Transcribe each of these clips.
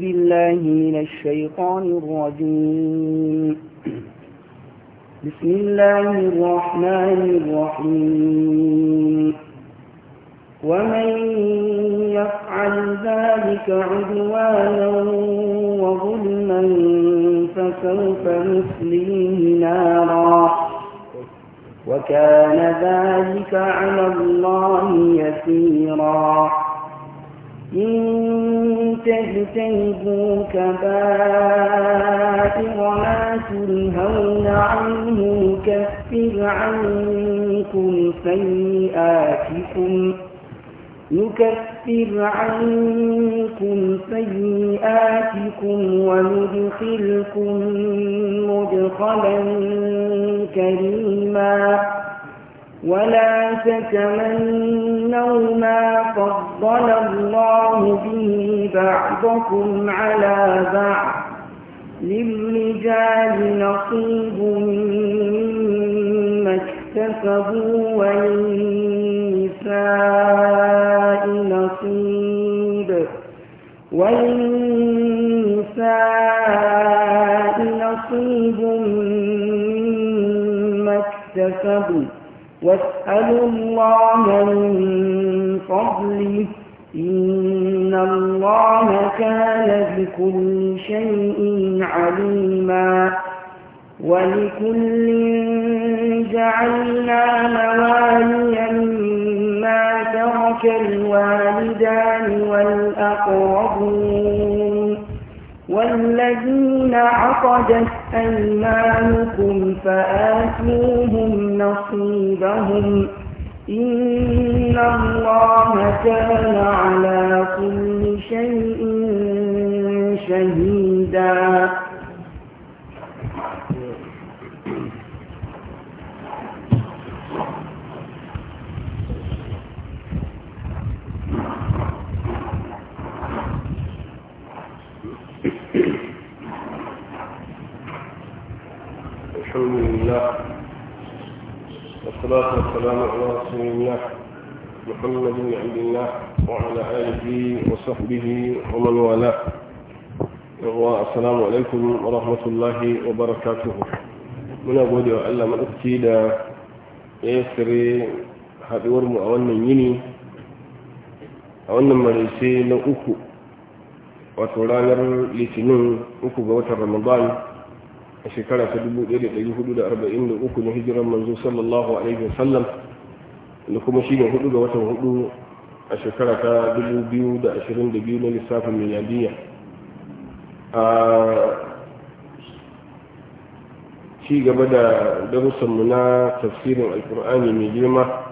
بالله من الشيطان الرجيم بسم الله الرحمن الرحيم ومن يفعل ذلك عدوانا وظلما فسوف نسليه نارا وكان ذلك على الله يسيرا إن تجتنبوا كبائر ما تنهون عنه نكفر عنكم سيئاتكم نكفر عنكم سيئاتكم وندخلكم مدخلا كريما ولا تتمنوا ما فضل الله به بعضكم على بعض للرجال نصيب مما اكتسبوا وللنساء نصيب وللنساء نصيب مما اكتسبوا واسألوا الله من فضله إن الله كان بكل شيء عليما ولكل جعلنا مواليا مما ترك الوالدان والأقربون والذين عقدت أيمانكم فآتوهم نصيبهم إن الله كان على كل شيء شهيدا الحمد لله والصلاة والسلام على رسول الله محمد بن عبد الله وعلى آله وصحبه ومن والاه والسلام عليكم ورحمة الله وبركاته من أبودي وألا من أكتيدا يسري هذه ورم أولا يني أولا مريسي لو أكو وتولانر لتنو أكو بوتر رمضان a shekara ta 1443 na hijiran manzo sallallahu alaihi wa sallam da kuma shi ne hudu ga watan hudu a shekara ta 2022 na lissafin miliyadiyya a ci gaba da darussanmu na tafsirin alkur'ani mai girma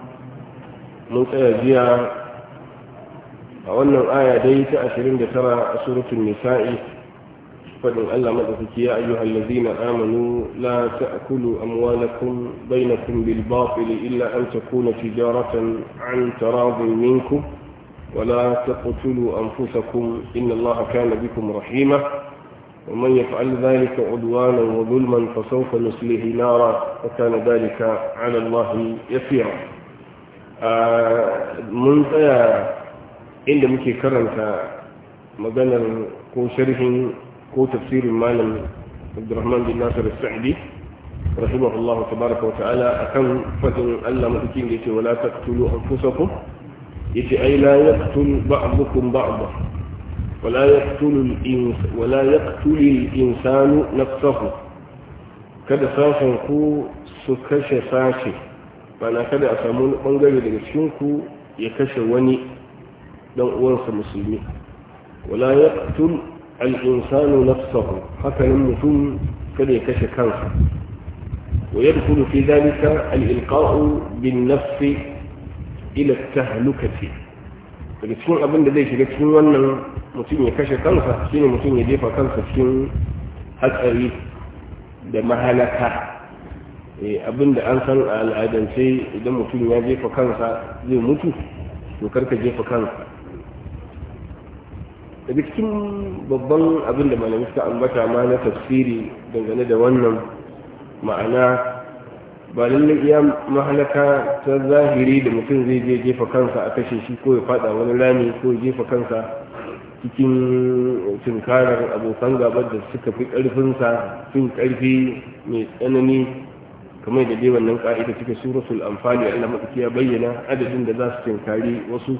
mun tsaya jiya a wannan aya dai ta 29 a suratun nisa'i فدن ألا مدفك يا أيها الذين آمنوا لا تأكلوا أموالكم بينكم بالباطل إلا أن تكون تجارة عن تراض منكم ولا تقتلوا أنفسكم إن الله كان بكم رحيما ومن يفعل ذلك عدوانا وظلما فسوف نسليه نارا وكان ذلك على الله يسيرا آه، من tsaya inda muke karanta ko sharhin ko tafsirin malam abdurrahman bin nasir sa'idi rahimahullahu tabaraka wa ta'ala akan fadin Allah madaukin da yake wala taqtulu anfusakum yace ai la yaqtul ba'dukum ولا يقتل الإنس ولا يقتل الإنسان نفسه kada sashen ku su kashe sashe bana kada a samu wani bangare daga cikin ku ya kashe wani dan uwansa musulmi wala yaqtul الإنسان نفسه حتى النسوم كذلك كشكانها ويدخل في ذلك الإلقاء بالنفس إلى التهلكة فلسكين أبن لديه شكين وانا مسين يكشكان فحسين مسين يديفا كان فحسين أكري دمهلكة أبن لأنسان على الآدم إذا مسين يديفا كان فحسين مسين يكرك جيفا daga cikin babban abin da malami suka ambata ma na tafsiri dangane da wannan ma'ana ba lallai iya mahalaka ta zahiri da mutum zai je jefa kansa a kashe shi ko ya fada wani rami ko ya jefa kansa cikin tunkarar abokan gaba da suka fi karfinsa fin karfi mai tsanani kamar da dai wannan ka'ida cikin suratul amfani Allah maɗauki ya bayyana adadin da za su tunkari wasu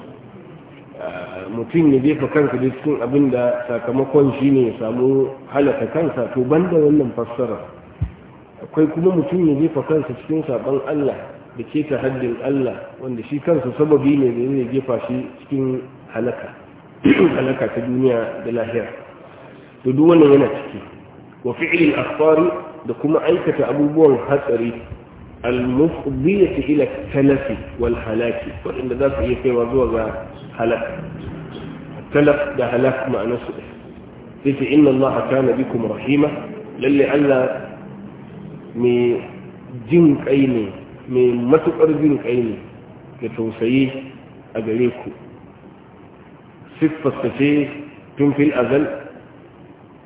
mutum ya jefa kansa da cikin abin da sakamakon shi ne ya samu halaka kansa to ban da wannan fassara akwai kuma mutum ya jefa kansa cikin sabon Allah da ke ta haddin Allah wanda shi kansa sababi ne da zai jefa shi cikin halaka halaka ta duniya da lahiyar. to duk wannan yana ciki wa fi'lil akhbari da kuma aikata abubuwan hatsari المفضية إلى التلف والهلاك وإن ذات هي في ده هلاك التلف ده هلاك مع نفسه فيه إن الله كان بكم رحيمة للي ألا مي جنك أيني مي متقر جنك أيني لتوسيه أجريكم صفة تفيه في الأذل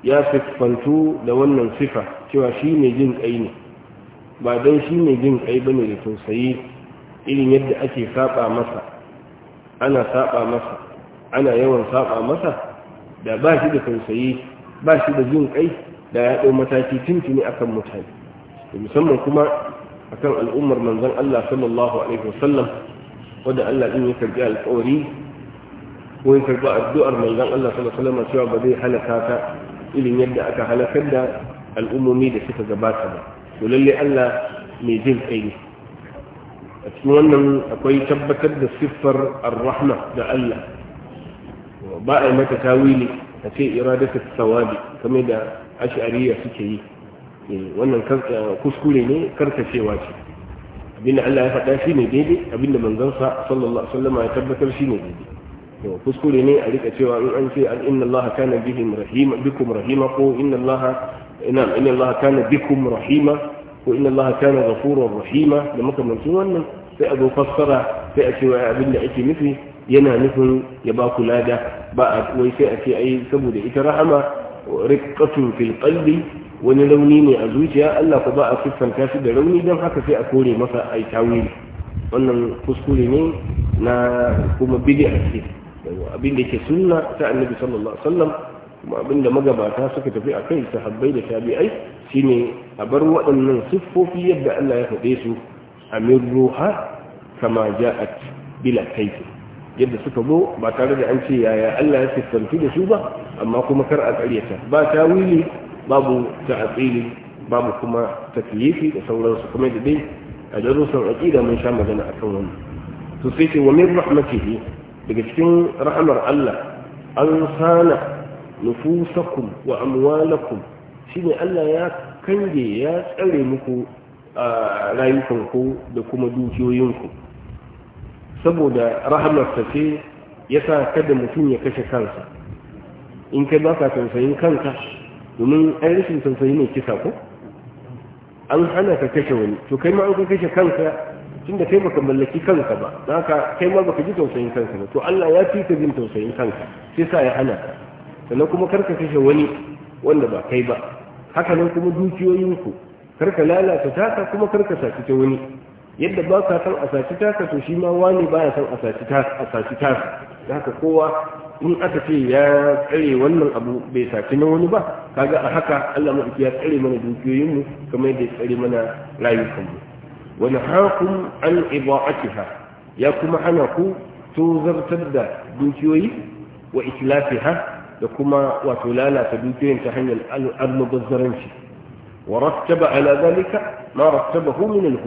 يا صفة فانتو لو أن صفة شوى شيء جنك أيني ba don shi ne jin kai ne da tausayi irin yadda ake saba masa ana saba masa ana yawan saba masa da ba shi da tausayi ba shi da jin kai da ya ɗau mataki tuntuni akan mutane musamman kuma akan al'ummar manzan Allah sallallahu alaihi wasallam wanda Allah din ya karbi alƙawari ko ya karbi addu'ar manzan Allah sallallahu alaihi wasallam cewa ba zai halaka ta irin yadda aka halakar da al'ummomi da suka gabata ba to lalle Allah mai jin kai ne a cikin wannan akwai tabbatar da siffar ar-rahma da Allah ba a yi mata tawili a ce iradatu sawabi kamar da ash'ariya suke yi eh, wannan eh, kuskure ne karkacewa ce abinda Allah ya faɗa shi ne daidai abinda manzansa sallallahu alaihi wasallam ya tabbatar shi ne daidai to kuskure ne a rika cewa in an ce inna Allah kana bihim rahima bikum rahima ko inna Allah ina inna Allah kana bikum rahima ko inna kana ghafurur rahima da makamancin wannan sai a zo fassara sai a ce wai abin da ake nufi yana nufin ya ba ku lada ba a wai sai a ce saboda ita rahama riqqatun fil qalbi wani rauni ne a zuciya Allah ku ba a siffanta shi da rauni dan haka sai a kore masa ai tawili wannan kuskure ne na kuma bid'a ce abin da ke sunna ta annabi sallallahu alaihi wasallam kuma abinda magabata suka tafi a kai sahabbai da tabi'ai shine a bar waɗannan siffofi yadda Allah ya faɗe su a min ruha kama ja'at bila kaifi yadda suka zo ba tare da an ce yaya Allah ya siffanci da su ba amma kuma kar a ƙaryata ba wili babu ta'atili babu kuma takyifi da sauransu kuma da dai a darussan aƙida mun sha magana akan wani to sai ce wa min rahmatihi daga cikin rahamar Allah an sana nufusakum wa amwalakum shine Allah ya kange ya tsare muku a rayukanku da kuma dukiyoyinku saboda rahamarsa ce ya sa kada mutum ya kashe kansa in kai ba ka tausayin kanka domin an rashin tausayi mai kisa ko an hana ka kashe wani to kai ma an ka kashe kanka tunda kai baka mallaki kanka ba haka kai ma baka ji tausayin kanka ba to Allah ya fi ka jin tausayin kanka sai sa ya hana ka sannan kuma karka kashe wani wanda ba kai ba haka nan kuma dukiyoyinku karka lalata taka kuma karka saci ta wani yadda ba ka san a saci taka to shi ma wani ba ya san a saci taka da haka kowa in aka ce ya tsare wannan abu bai saci na wani ba kaga a haka Allah mu ya tsare mana dukiyoyinmu kamar yadda ya tsare mana rayukanmu wani hakun an iba'atiha ya kuma hana ku tozartar da dukiyoyi wa islafiha da kuma wato lalata dukiyoyin ta hanyar almubazzaranci wa rattaba ala zalika ma rattabahu min al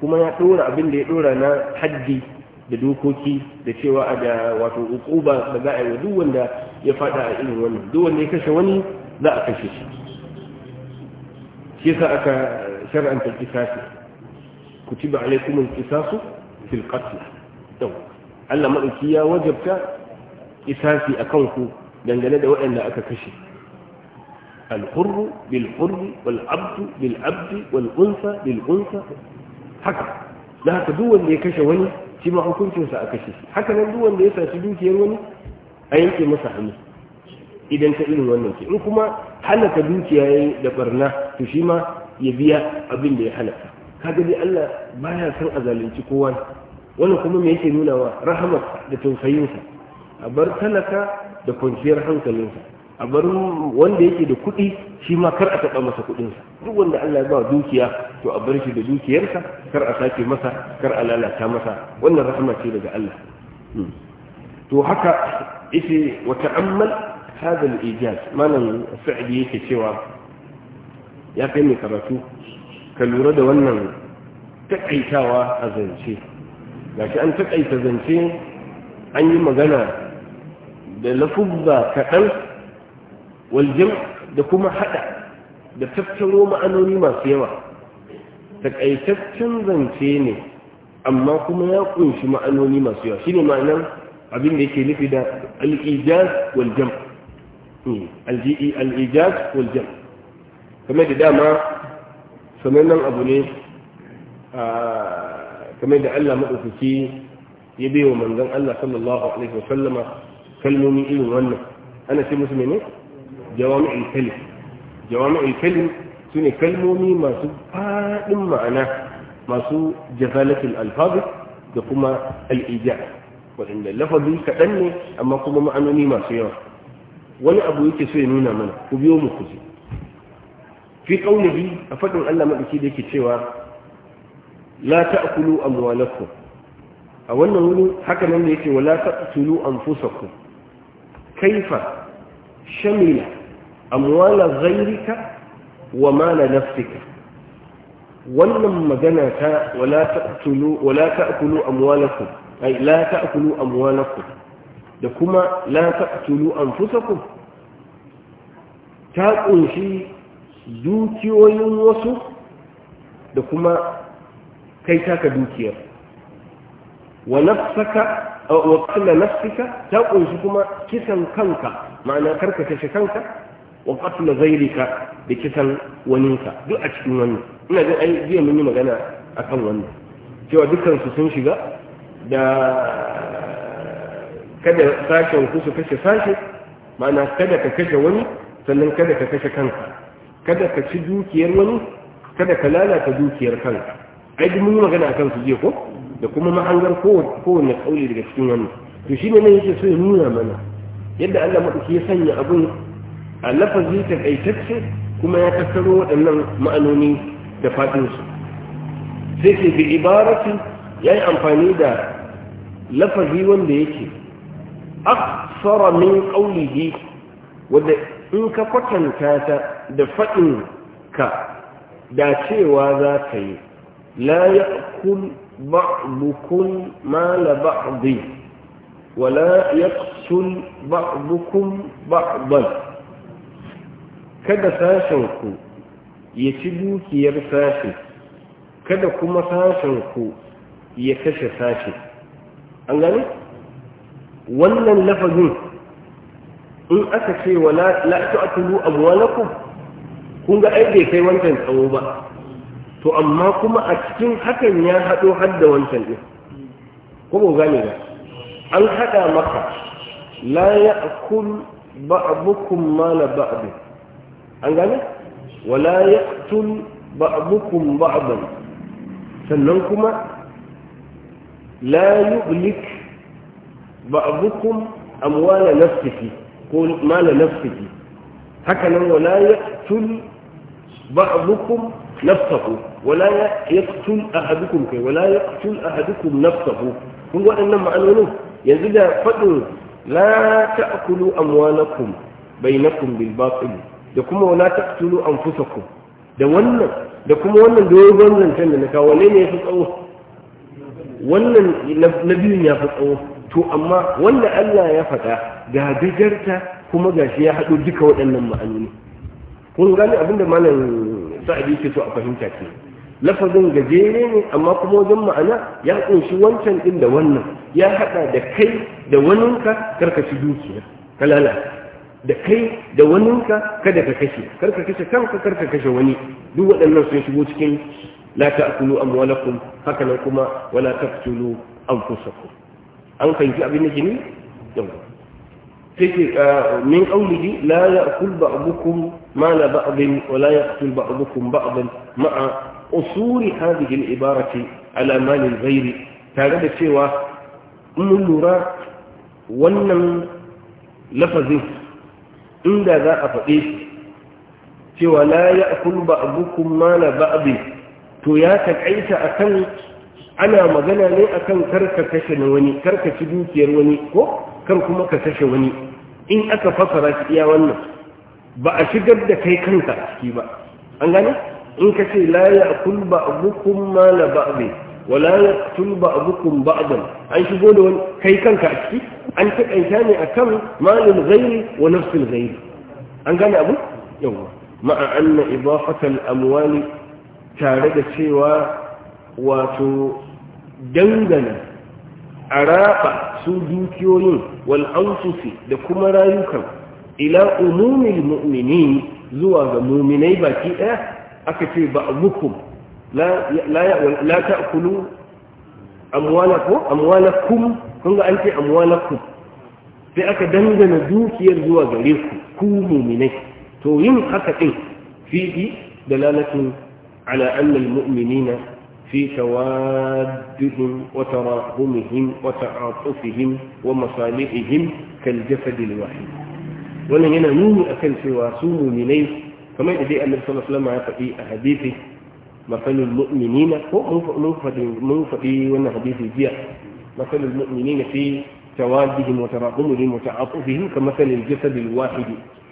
kuma ya dora abin da ya dora na haddi da dokoki da cewa a da wato ukuba da za a yi duk wanda ya fada a irin wani. duk wanda ya kashe wani za a kashe shi shi yasa aka shar'anta kisasi kutiba alaikum al-qisasu fil qatl Allah madauki ya wajabta kisasi akan ku dangane da waɗanda aka kashe alhurru bil hurri bilabdu abdu bil haka da haka duk wanda ya kashe wani shi ma hukuncinsa a kashe shi haka nan duk wanda ya saci dukiyar wani a yanke masa hannu idan ta irin wannan ce in kuma halaka dukiya yayi da barna to shi ma ya biya abin da ya halaka kaga dai Allah baya son a zalunci kowa wannan kuma me yake nuna wa rahamar da tausayinsa a bar talaka da kwanciyar hankalinsa a barin wanda yake da kuɗi shi ma kar a taɓa masa kuɗinsa duk wanda Allah ya ba dukiya to a bar shi da dukiyarsa kar a sake masa kar a lalata masa wannan rahama ce daga Allah hmm. to haka ita wa ta'ammal hadha al-ijaz sa'idi yake cewa ya kai mai karatu ka lura da wannan takaitawa a zance gashi an takaita zance an yi magana da lafuzza kaɗan waljam da kuma haɗa da tattaro ma'anoni masu yawa taƙaitaccen zance ne amma kuma ya ƙunshi ma'anoni masu yawa Shi ne ma'anar abin da yake nufi da al'ijaz waljam hmm, al'ijaz waljam kamar da dama sanannen abu ne kamar da Allah maɗaukaki ya bai wa manzan Allah sallallahu Alaihi wasallama kalmomi irin wannan ana ce musu mene jawami'ul kalim jawami'ul kalim sune kalmomi masu fadin ma'ana masu jazalatul alfabit da kuma al'ija waɗanda lafazi kaɗan ne amma kuma ma'anoni masu yawa wani abu yake so ya nuna mana ku biyo mu ku ji fi qaulihi a faɗin Allah madaki da yake cewa la ta'kulu amwalakum a wannan wuri haka nan da yake wala taqtulu anfusakum kaifa shamila amwala ghayrika wa mala nafsika wannan magana ta wala ta'kulu wala ta'kulu amwalakum ay la ta'kulu amwalakum da kuma la ta'kulu anfusakum ta ƙunshi dukiyoyin wasu da kuma kai taka dukiyar wa nafsaka wa qatla nafsika ta kunshi kuma kisan kanka ma'ana karka kashe kanka wa qatla zairika da kisan waninka duk a cikin wannan ina jin ai zai mun yi magana akan wannan cewa dukkan su sun shiga da kada sashen ku su kashe sashe ma'ana kada ka kashe wani sannan kada ka kashe kanka kada ka ci dukiyar wani kada ka lalata dukiyar kanka ai duk mun yi magana akan su jiya ko da kuma ma'angar kowane kauli daga cikin wannan to shi ne yake so ya nuna mana yadda Allah maɗauki ya sanya abun a lafazi takaitacce kuma ya tattaro waɗannan ma'anoni da faɗinsu sai ke bi ibarati ya yi amfani da lafazi wanda yake aksara min ƙaulihi wadda in ka kwatanta ta da faɗin ka da cewa za ka yi لا يأكل بعضكم مال بعض ولا يقتل بعضكم بعضا kada sashenku ya ci dukiyar sashe kada kuma sashenku ya kashe sashe an gane wannan lafazin in aka ce wa la ta'tulu amwalakum kun ga ai bai kai wancan tsawo ba to amma kuma a cikin hakan ya haɗo har da wancan ɗin ko gane ba an haɗa maka la ya akul ba'abukum mala ba'abin an gane wala ya tun ba'abukum ba'aban sannan kuma la yublik ba'abukum amwala nafsihi ko mala nafsihi hakanan nan wala ya tun ba'abukum نفسه wala يقتل أحدكم kai wala يقتل أحدكم نفسه من قال waɗannan ma'anonin yanzu da faɗin تأكلوا أموالكم بينكم بالباطل bil ولا da kuma wala taqtulu anfusakum da wannan da kuma wannan dogon zancen na ne yafi tsawo to amma wanda Allah ya faɗa ga gajarta kuma gashi ya haɗo duka waɗannan ma'anoni kun gane abinda malam sa'adi ke so a fahimta ke lafazin gajere ne amma kuma wajen ma'ana ya kunshi wancan din da wannan ya hada da kai da waninka karkashi dukiya ka lalata da kai da waninka kada ka kashe karka kashe kanka karka kashe wani duk waɗannan sun shigo cikin la ta'kulu amwalakum haka nan kuma wala taqtulu anfusakum an fahimci abin da ke ne yawa آه، من قوله لا يأكل بعضكم مال بعض ولا يقتل بعضكم بعضا مع أصول هذه العبارة على مال الغير تعالى سوى أم اللراء ونم لفظه عند ذا أفئيس سوى لا يأكل بعضكم مال بعض تياك عيسى أكل أنا مغنى لي أكل كركة شنواني وني كركة كشن وني كركة كشن in aka fasara shi iya wannan ba a shigar da kai kanka shi ba an gane in ka ce la ya kul ba abukum ma la ba ba'be wa la ya kul ba abukum ba'dan an shigo da wani kai kanka a ciki an taƙaita ne akan malin ghairi wa nafsin ghairi an gane abu yawa ma'a anna idafatal amwali tare da cewa wato dangana a raba su dukiyoyin wal da kuma rayukan ila umumil mu'minin zuwa ga mu'minai baki ɗaya aka ce ba'dukum la la la ta'kulu amwalakum amwalakum kun ga an ce amwalakum sai aka dangana dukiyar zuwa gare ku ku mu'minai to yin haka din fi'i da ala anna al mu'minina في توادهم وتراحمهم وتعاطفهم ومصالحهم كالجسد الواحد وانا هنا نوم اكل سوى سوم مني فما يدي ان صلى الله عليه وسلم في احاديثه مثل المؤمنين هو منفتي وانا حديثه جيا مثل المؤمنين في توادهم وتراحمهم وتعاطفهم كمثل الجسد الواحد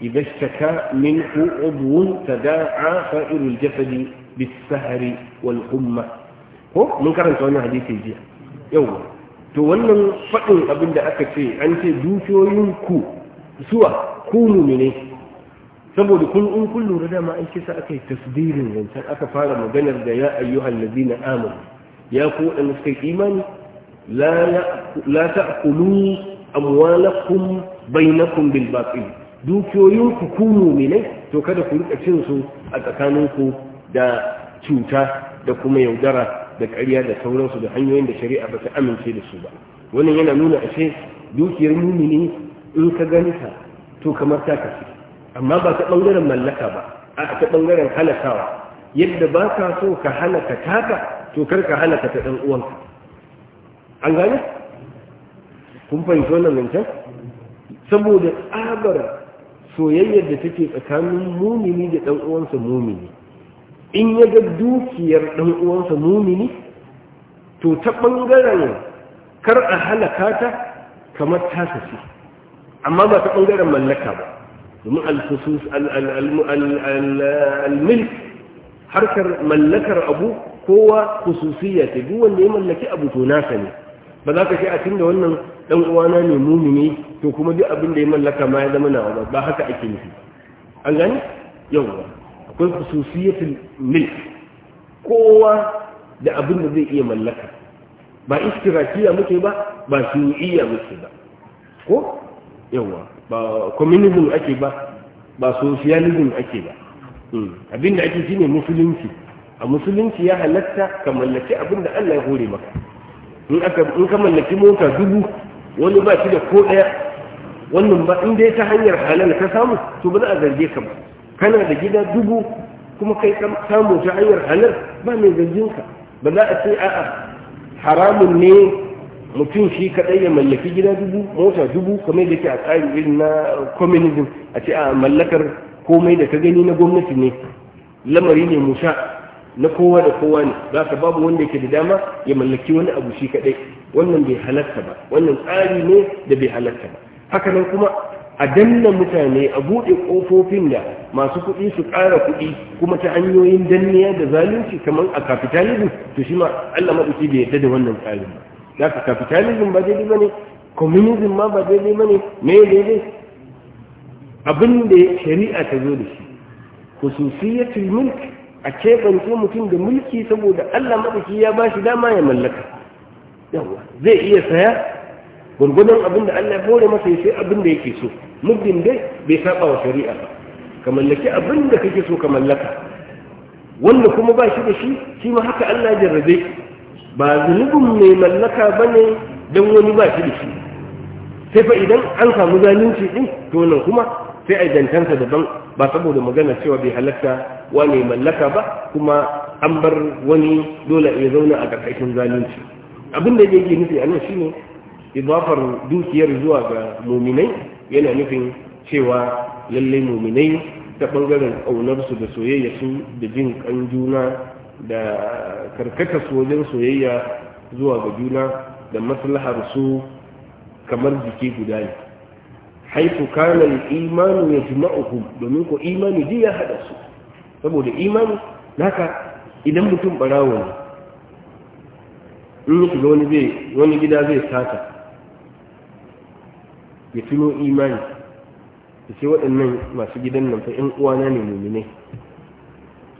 اذا اشتكى منه عضو تداعى سائر الجسد بالسهر والقمه ko mun karanta wannan hadisi jiya yau to wannan faɗin abin da aka ce an ce dukiyoyin ku suwa ku ne saboda kun in kun lura dama an kisa aka yi tasdirin zancen aka fara maganar da ya ayyuhal ladina amanu ya ku waɗanda suka yi imani la ta'kulu amwalakum bainakum bil batil dukiyoyin ku ku mu'minai to kada ku rika cin su a tsakaninku da cuta da kuma yaudara da ƙarya da sauransu da hanyoyin da shari'a ba ta amince da su ba wannan yana nuna ashe dukiyar mumini in ka gani ta to kamar ta kafi amma ba ta ɓangaren mallaka ba a ta ɓangaren halakawa yadda ba ka so ka halaka taka to kar ka halaka ta ɗan uwanka an gane kun fahimci wannan zancen saboda tsabar soyayyar da take tsakanin mumini da ɗan uwansa mumini in ya ga dukiyar ɗan uwansa mumini to ta ɓangaren kar a halaka ta kamar tasa ce amma ba ta ɓangaren mallaka ba domin alfusus almilk harkar mallakar abu kowa hususiyya ce duk wanda ya mallaki abu to nasa ne ba za ka ce a tunda wannan ɗan uwana ne mumini to kuma duk abin da ya mallaka ma ya zama na ba haka ake nufi an gani yau. akwai khususiyatul milk kowa da abin da zai iya mallaka ba istirakiya muke ba ba suniyya muke ba ko yawa ba communism ake ba ba socialism ake ba hmm. abin da ake shine musulunci a musulunci ya halatta ka mallaki abin da Allah ya hore maka in aka in ka mallaki mota dubu wani ba shi da ko daya wannan ba in dai ta hanyar halal ka samu to ba za a zarge ka ba kana da gida dubu kuma kai samu ta hanyar halar ba mai zanjinka ba za a ce a'a haramun ne mutum shi kaɗai ya mallaki gida dubu mota dubu kamar da ke a tsarin irin na communism a ce a mallakar komai da ta gani na gwamnati ne lamari ne musa na kowa da kowa ne za ka babu wanda yake da dama ya mallaki wani abu shi kaɗai wannan bai halatta ba wannan tsari ne da bai halatta ba haka nan kuma a danna mutane a buɗe ƙofofin da masu kuɗi su ƙara kuɗi kuma ta hanyoyin danniya da zalunci kamar a capitalism to shi ma Allah maɗuki bai yadda da wannan tsarin ba za ka capitalism ba daidai ba ne communism ma ba daidai ba ne me daidai abin da shari'a ta zo da shi khususiyatul mulk a keɓance mutum da mulki saboda Allah maɗuki ya ba shi dama ya mallaka yawa zai iya saya gwargwadon abin da Allah ya bore masa ya sai abin da yake so muddin dai bai saba wa shari'a ba ka mallaki abin da kake so ka mallaka wanda kuma ba shi da shi shi ma haka Allah ya jarrabe ba zunubin mai mallaka bane dan wani ba shi da shi sai fa idan an samu zalunci ɗin, to nan kuma sai ai dantansa daban ba saboda magana cewa bai halatta wani mallaka ba kuma an bar wani dole ya zauna a ƙarƙashin zalunci abin da yake nufi a nan shine idafar dukiyar zuwa ga muminai yana nufin cewa lallai muminai ta ɓangaren ƙaunarsu da su da jin ƙan juna da karkata wajen soyayya zuwa ga juna da maslahar su kamar jiki guda ne haifu kanan imanu ya jima'uhu domin ko imani ji ya haɗa su saboda imani naka idan mutum ɓarawo ne in shiga wani gida zai sata ya tuno imani ya ce waɗannan masu gidan nan fa ‘yan uwana ne mummune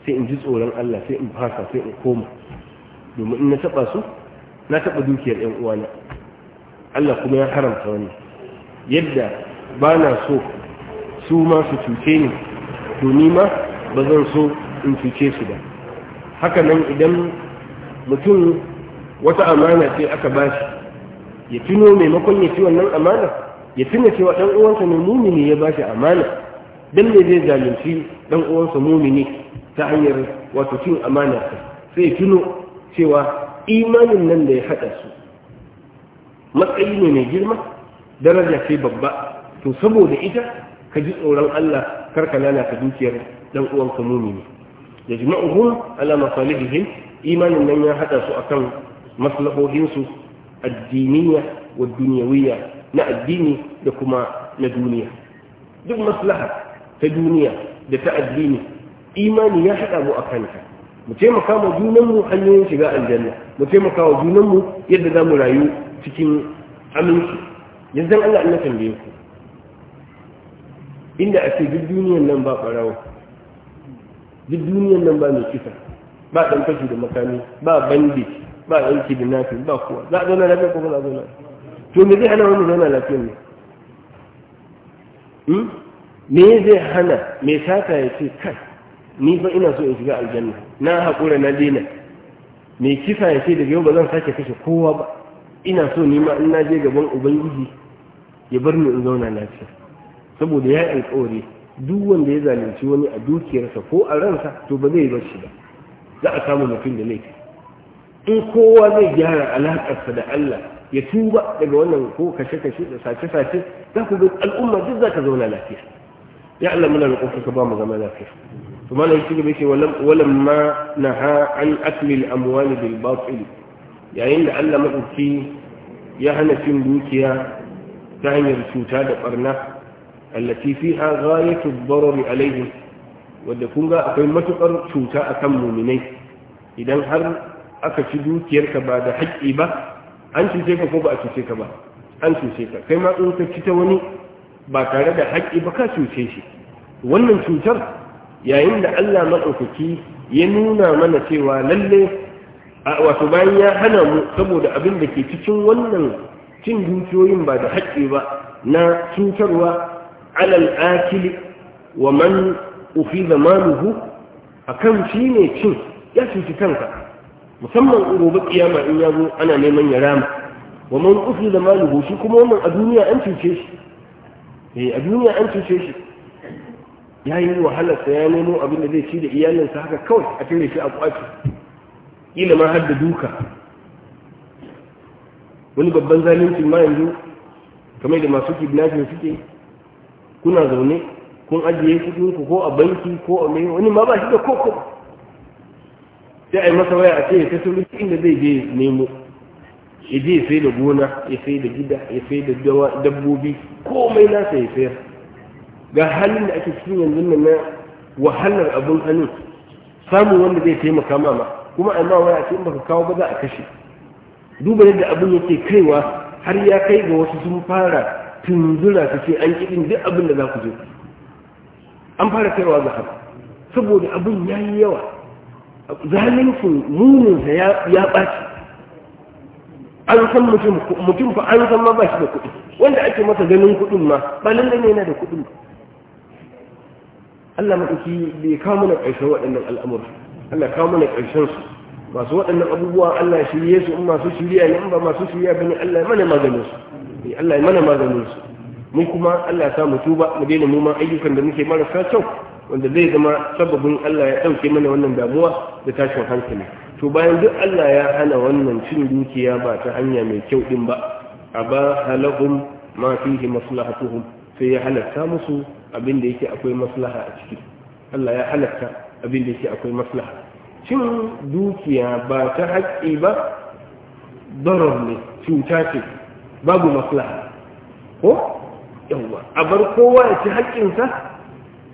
sai in ji tsoron Allah sai in fasa sai in koma domin in na taɓa su na taɓa dukiyar ‘yan uwana Allah kuma ya haramta wani yadda ba na so su ma su cuce ni to ni ma ba zan so in cuce su ba haka nan idan mutum wata amana ce aka ba shi ya tuno maimakon ya ci wannan amana ya tuna cewa ɗan uwansa ne mumini ya bashi amana dan ne zai zalunci ɗan uwansa mumini ta hanyar wato cin amana sai tuno cewa imanin nan da ya haɗa su matsayi ne mai girma daraja ce babba to saboda ita ka ji tsoron Allah karka lalata dukiyar ɗan uwanka mumini yajma'uhum ala masalihihim imanin nan ya haɗa su akan maslahohinsu addiniya wa duniyawiyya na addini da kuma na duniya duk maslaha ta duniya da ta addini imani ya haɗa mu a kanta mu taimaka wa junanmu hanyoyin shiga aljanna mu taimaka wa junanmu yadda za mu rayu cikin aminci yanzu Allah Allah tambaye ku inda ake duk duniyar nan ba ɓarawo duk duniyar nan ba mai kisa ba ɗan da makami ba bandit ba da nafi ba kowa za a zauna lafiya ko ba za a zo zauna to me zai hana wani zama lafiyan ne hmm? me zai hana me sata ya ce kai ni fa ina so in shiga aljanna na haƙura na dina me kisa ya ce daga yau ba zan sake kashe kowa ba ina so ni ma in na je gaban ubangiji ya bar ni in zauna lafiya saboda ya yi alƙawari duk wanda ya zalunci wani a dukiyarsa ko a ransa to ba zai bar shi ba za a samu mutum da laifi in kowa zai gyara alaƙarsa da Allah ya tuba daga wannan ko kashe kashe da sace sace za ku ga al'umma duk za ta zauna lafiya ya Allah muna roƙon ka ba mu zama lafiya to malai shi gaba yake walam ma naha an akli al-amwal bil batil yayin da Allah madauki ya hana cin dukiya ta hanyar cuta da barna allati fiha ghayatu ad-darar alayhi wanda kun ga akwai matukar cuta akan muminai idan har aka ci dukiyarka ba da haƙƙi ba an cuce ka ko ba a cuce ka ba an cuce ka kai ma in ta wani ba tare da haƙƙi ba ka cuce shi wannan cutar yayin da Allah maɗaukaki ya nuna mana cewa lalle wato bayan ya hana mu saboda abin da ke cikin wannan cin dukiyoyin ba da haƙƙi ba na cutarwa alal akili wa man ufi zamanuhu akan shi ne cin ya cuci kanka musamman gobe kiyama in ya zo ana neman ya rama wa man ufi da maluhu shi kuma wannan a duniya an cuce shi eh a duniya an cuce shi ya yi wahalarsa ya nemo abin da zai ci da iyalinsa haka kawai a cire shi a kwaci kila ma har da duka wani babban zalunci ma yanzu kamar da masu kidnapping suke kuna zaune kun ajiye kudin ku ko a banki ko a mai wani ma ba shi da koko sai a yi masa waya a ce ya kasu duk inda zai je nemo ya je ya sai da gona ya sai da gida ya sai da dabbobi komai nasa ya sayar ga halin da ake cikin yanzu nan na wahalar abin hannu, samun wanda zai taimaka mama kuma ma waya ce in baka kawo ba za a kashe duba yadda abin yake kaiwa har ya kai ga wasu sun fara tunzura su ce an kiɗin duk abin da za ku je an fara kaiwa ga haka saboda abin ya yi yawa zalincin muninsa ya ɓaci an san mutum fa an san ma ba shi da kuɗi wanda ake masa ganin kuɗin ma ba lallai ne yana da kuɗin Allah maɗauki bai kawo mana ƙarshen waɗannan al'amur Allah kawo mana ƙarshen su masu waɗannan abubuwa Allah shirye su in masu shirya ne in ba masu shirya bane Allah ya mana maganin su eh, Allah ya mana maganin su mu kuma Allah ya sa mu tuba mu daina muma ayyukan da muke marasa kyau wanda zai zama sababin Allah ya ɗauke mana wannan damuwa da tashin hankali to bayan duk Allah ya hana wannan cin dukiya ba ta hanya mai kyau din ba a ba halahun ma fihi maslahatuhum sai ya halatta musu abin da yake akwai maslaha a ciki Allah ya halatta abin da yake akwai maslaha cin dukiya ba ta haƙƙi ba darar ne cuta ce babu maslaha ko yawwa a bar kowa ya ci haƙƙinsa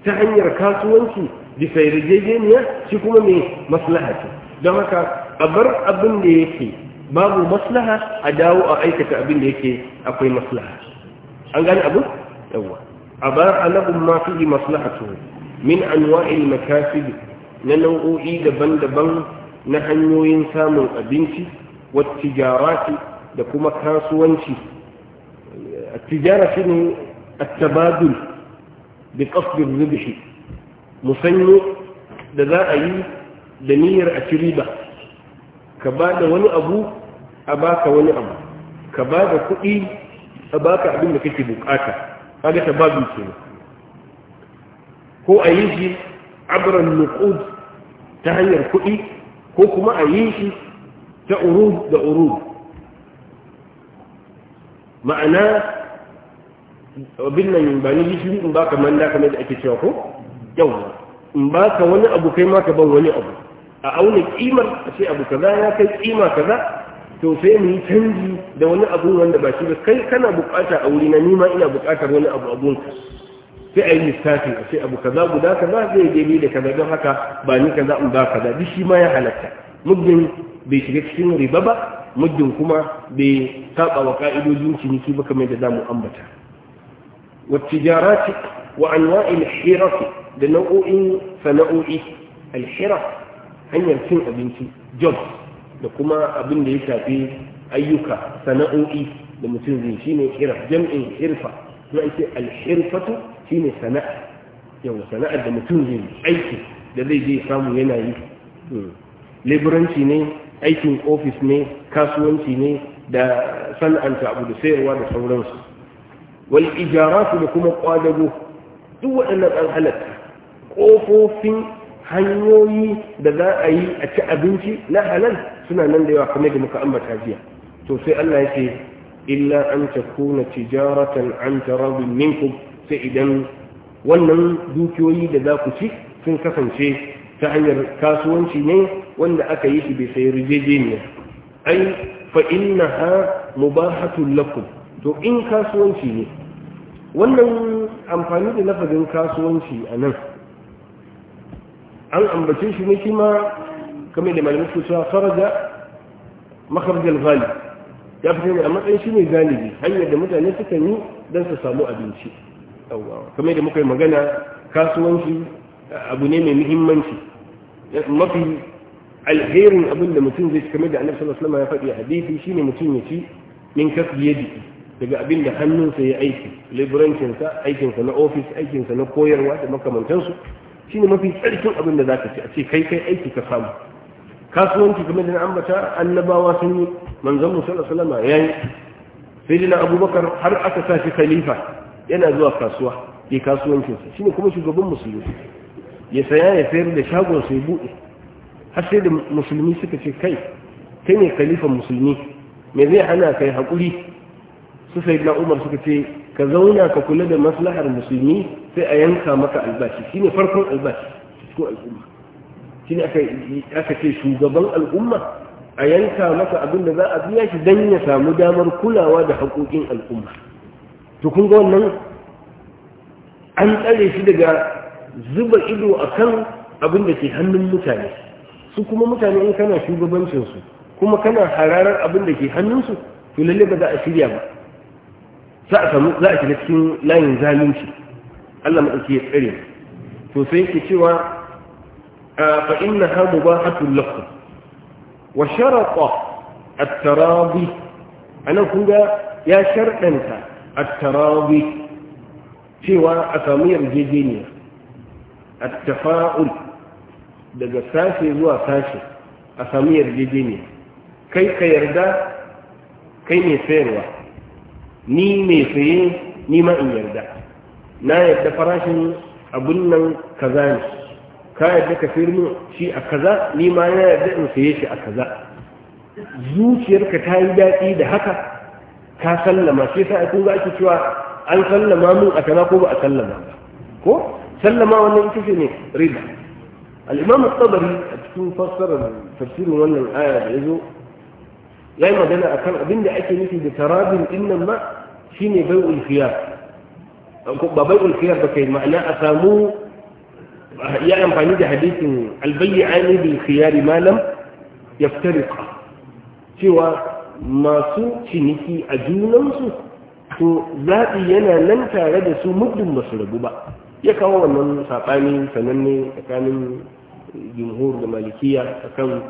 ta hanyar kasuwanci da yarjejeniya shi kuma mai maslaha ce don haka a bar abin da yake babu maslaha a dawo a aikata abin da yake akwai maslaha an gane abin? yawwa a bar alabun ma maslaha maslahatu min wa'il makasib na nau'o'i daban-daban na hanyoyin samun abinci wa da kuma kasuwanci a tijara ne a tabadul bi qasdin mu sanyo da za a yi da niyyar a ci riba ka ba da wani abu a baka wani abu ka ba da kuɗi a baka abin da kake bukata kaga tababi kenan ko a yi shi abran nuqud ta hanyar kuɗi ko kuma a yi shi ta urud da urud ma'ana abin nan ba ni gishiri in ka manda kamar da ake cewa ko yau in baka wani abu kai ma ka ban wani abu a auna kimar a ce abu kaza ya kai kima kaza to sai mu yi canji da wani abu wanda ba shi ba kai kana bukata a wuri na ma ina bukatar wani abu abun ka sai a yi lissafi a ce abu kaza guda kaza zai daidai da kaza don haka ba ni kaza in ba kaza duk shi ma ya halatta muddin bai shiga cikin riba ba muddin kuma bai saba wa ka'idojin ciniki ba kamar da za mu ambata والتجارات وأنواع الحرف لنوع فنوع الحرف hanyar cin abinci job da kuma abin da ya shafi ayyuka sana'o'i da mutum zai shine iraf jam'in irfa kuma ce alhirfatu shine sana'a yau sana'ar da mutum zai aiki da zai je samu yanayi. leburanci ne aikin ofis ne kasuwanci ne da sana'anta abu da sayarwa da sauransu wal ijaratu da kuma ƙwadago duk waɗannan an ƙofofin hanyoyi da za a yi a ci abinci na halal suna nan da yawa kamar da muka ambata jiya to sai Allah ya ce illa an takuna tijaratan an tarabin ninku sai idan wannan dukiyoyi da za ku ci sun kasance ta hanyar kasuwanci ne wanda aka yi shi bisa yarjejeniya ai fa ha mubahatun lakum to in kasuwanci ne wannan amfani da lafazin kasuwanci a nan an ambace shi ne shi ma kame da malamai su cewa faraja makarjar zali ya fito ne a matsayin shi ne galibi hanyar da mutane suka yi don su samu abinci kame da muka yi magana kasuwanci abu ne mai muhimmanci mafi alherin abin da mutum zai kame da annabi sallallahu alaihi wasallam ya faɗi a hadisi shine mutum ya ci min kasbi yadi daga abin da hannunsa ya aiki liburancinsa aikinsa na ofis aikinsa na koyarwa da makamantansu shine mafi tsarkin abin da zaka ci a ce kai kai aiki ka samu kasuwanci kamar da na ambata annabawa sun yi manzon mu sallallahu ya yi sai dina abubakar har aka sa shi khalifa yana zuwa kasuwa ke kasuwancinsa shine kuma shugaban musulmi ya saya ya sayar da shagon sai buɗe har sai da musulmi suka ce kai kai ne khalifan musulmi me zai hana kai haƙuri su sai na umar suka ce ka zauna ka kula da maslahar musulmi sai a yanka maka albashi shine farkon albashi ko al'umma shine aka aka ce shugaban al'umma a yanka maka abin da za a biya shi dan ya samu damar kulawa da haƙoƙin al'umma to kun ga wannan an tsare shi daga zuba ido akan abin da ke hannun mutane su kuma mutane in kana shugabancinsu kuma kana hararar abin da ke hannunsu to lalle ba za a shirya ba za a shiga cikin layin zalunci Allah madauki ya tsare to sai yake cewa fa innaha mubahatun lakum wa sharata at-taradi A nan ga ya sharɗanta at-taradi cewa a samu yarjejeniya A tafaul daga sashe zuwa sashe a samu yarjejeniya kai ka yarda kai ne sayarwa ni mai saye ni ma in yarda na yarda farashin abun nan kaza ne ka yarda ka sayar min shi a kaza ni ma na yarda in saye shi a kaza zuciyarka ta yi daɗi da haka ka sallama shi sa ku ga ki cewa an sallama mun a kaza ko ba a sallama ko sallama wannan ita ce ne rida al-imam al tabari a cikin fassarar tafsirin wannan aya da yazo ya yi magana a kan abin da ake nufi da tarabin ɗin nan ma shi ne bai ulfiyar ba bai ulfiyar ba kai ma'ana a samu ya amfani da hadisin albayyi ainihin bil malam yaftariqa cewa masu ciniki a junansu to zaɓi yana nan tare da su muddin ba su rabu ba ya kawo wannan saɓani sananne tsakanin jumhur da malikiya akan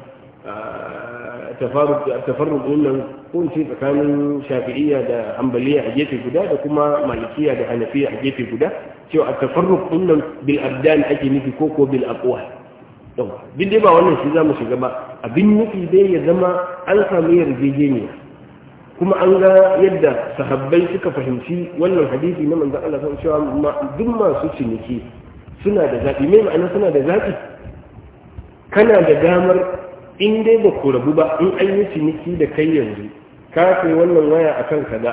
tafarruq nan ko ce tsakanin shafi'iyya da ambaliya a gefe guda da kuma malikiya da hanafiya a gefe guda cewa a tafarruq din nan bil abdan ake nufi ko ko bil aqwa to bin dai ba wannan shi zamu shiga ba abin nufi dai ya zama an samu yarjejeniya kuma an ga yadda sahabbai suka fahimci wannan hadisi na manzon Allah sallallahu alaihi wasallam duk masu ciniki suna da zaɓi mai ma'ana suna da zaɓi kana da damar in dai ba ku rabu ba in an yi ciniki da kai yanzu ka sai wannan waya a kan kaza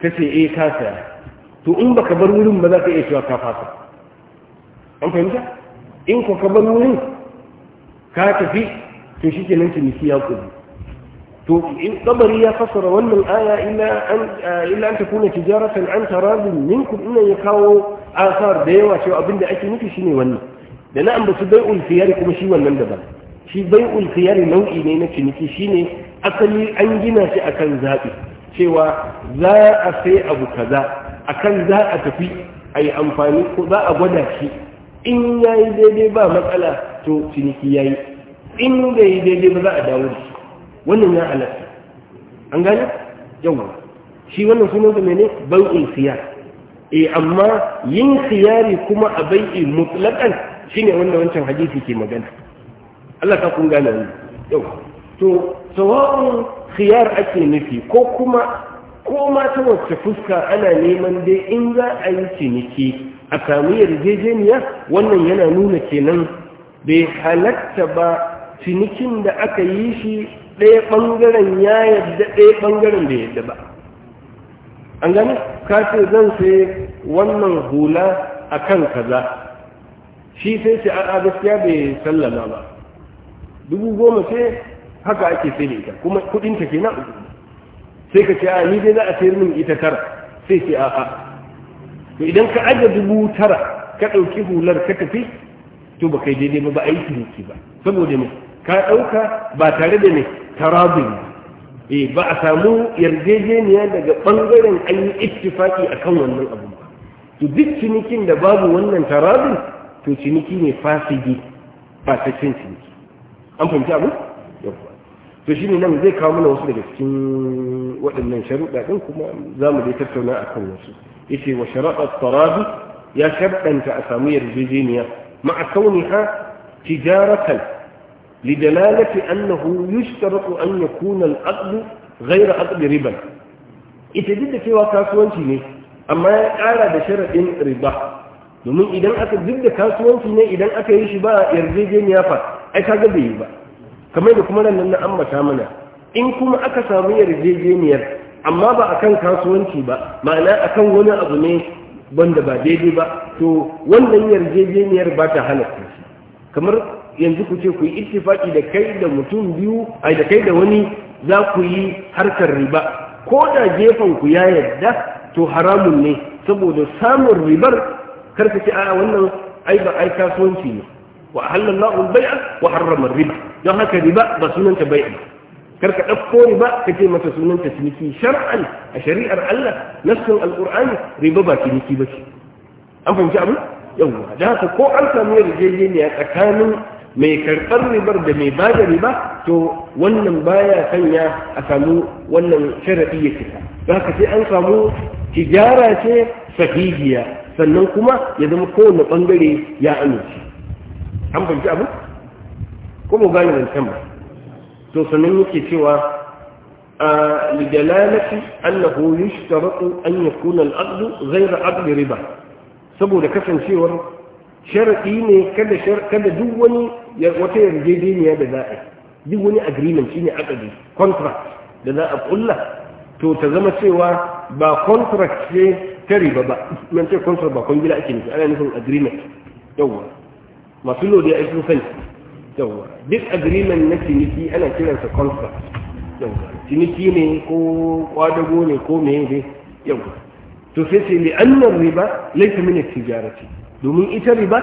ka ce eh ka saya to in baka bar wurin ba za ka iya cewa ka fasa an fahimta in ku ka bar wurin ka tafi to shi kenan ciniki ya kudu to in tsabari ya fasara wannan aya eh, illa an takuna tijaratan an taradin minkum ina ya kawo asar da yawa cewa abin da ake nufi shine wannan da na su bai'ul khiyar kuma shi wannan daban shi bai'ul khiyari nau'i ne na ciniki shine asali an gina shi akan zaɓi cewa za a sai abu kaza akan za a tafi a yi amfani ko za a gwada shi in ya yi daidai ba matsala to ciniki ya yi in da yi daidai ba za a dawo da shi wannan ya halatta an gane yawa shi wannan sunan zama ne bai'ul khiyar E amma yin khiyari kuma a bai'i mutlaqan shine wannan wancan hadisi ke magana Allah ka kun gane ni yau to sawa'un khiyar ake nufi ko kuma ko ma ta wacce fuska ana neman dai in za a yi ciniki a samu yarjejeniya wannan yana nuna kenan bai halatta ba cinikin da aka yi shi ɗaya ɓangaren ya yadda ɗaya ɓangaren da yadda ba an gani ka ce zan sai wannan hula a kan kaza shi sai sai a gaskiya bai sallama ba dubu goma ce haka ake sai da ita kuma kudin ta sai ka ce a ni dai za a sayar min ita tara sai ce a'a to idan ka aje dubu tara ka ɗauki hular ka tafi to ba kai daidai ba ba a yi ciniki ba saboda mai ka ɗauka ba tare da me tarabin eh ba a samu yarjejeniya daga ɓangaren an yi ittifaki akan wannan abu ba to duk cinikin da babu wannan tarabin to ciniki ne fasidi cin ciniki an fahimci abu to shi ne nan zai kawo mana wasu daga cikin waɗannan sharuɗa ɗin kuma za mu dai tattauna a kan wasu ya ce wa sharaɗar tarabi ya sharɗanta a samu yarjejeniya ma'a ha tijaratan lidalalati annahu yushtaratu an yakuna al-aqd ghayra aqd riba ita duk da cewa kasuwanci ne amma ya ƙara da sharaɗin riba domin idan aka duk da kasuwanci ne idan aka yi shi ba yarjejeniya fa ai kaga bai yi ba kamar da kuma nan na ambata mana in kuma aka samu yarjejeniyar amma ba akan kasuwanci ba ma'ana akan wani abu ne wanda ba daidai ba to wannan yarjejeniyar ba ta hana kamar yanzu ku ce ku yi ittifaki da kai da mutum biyu ai da kai da wani za ku yi harkar riba ko da gefen ku ya yarda to haramun ne saboda samun ribar karka ce a wannan ai ba ai kasuwanci ne wa halallahu al-bai'a wa harrama riba don haka riba ba sunanta bai'a karka ɗauko riba ka ce sunanta ciniki shar'an a shari'ar Allah al alqur'ani riba ba ciniki ba ce an fahimci abin yawwa da haka ko an samu yarjejeniya tsakanin mai karɓar ribar da mai bada riba to wannan baya sanya a samu wannan sharaɗi ya cika da haka sai an samu tijara ce sahihiya sannan kuma ya zama kowane ɓangare ya amince an banci abu ko mu gane zancen ba to sannan yake cewa a lidalalati annahu yushtaratu an yakuna al-aqd ghayra aqd riba saboda kasancewar sharadi ne kada kada duk wani wata yarjejeniya da za a duk wani agreement shine aqdi contract da za a kulla to ta zama cewa ba contract ce ta riba ba man ce contract ba kun gila ake nufi ana nufin agreement yawwa masu lodi a sun sani yawwa duk agreement na ciniki ana kiransa contract yawwa ciniki ne ko kwadago ne ko meye ne yawwa to sai ce li annar riba laifin min tijarati domin ita riba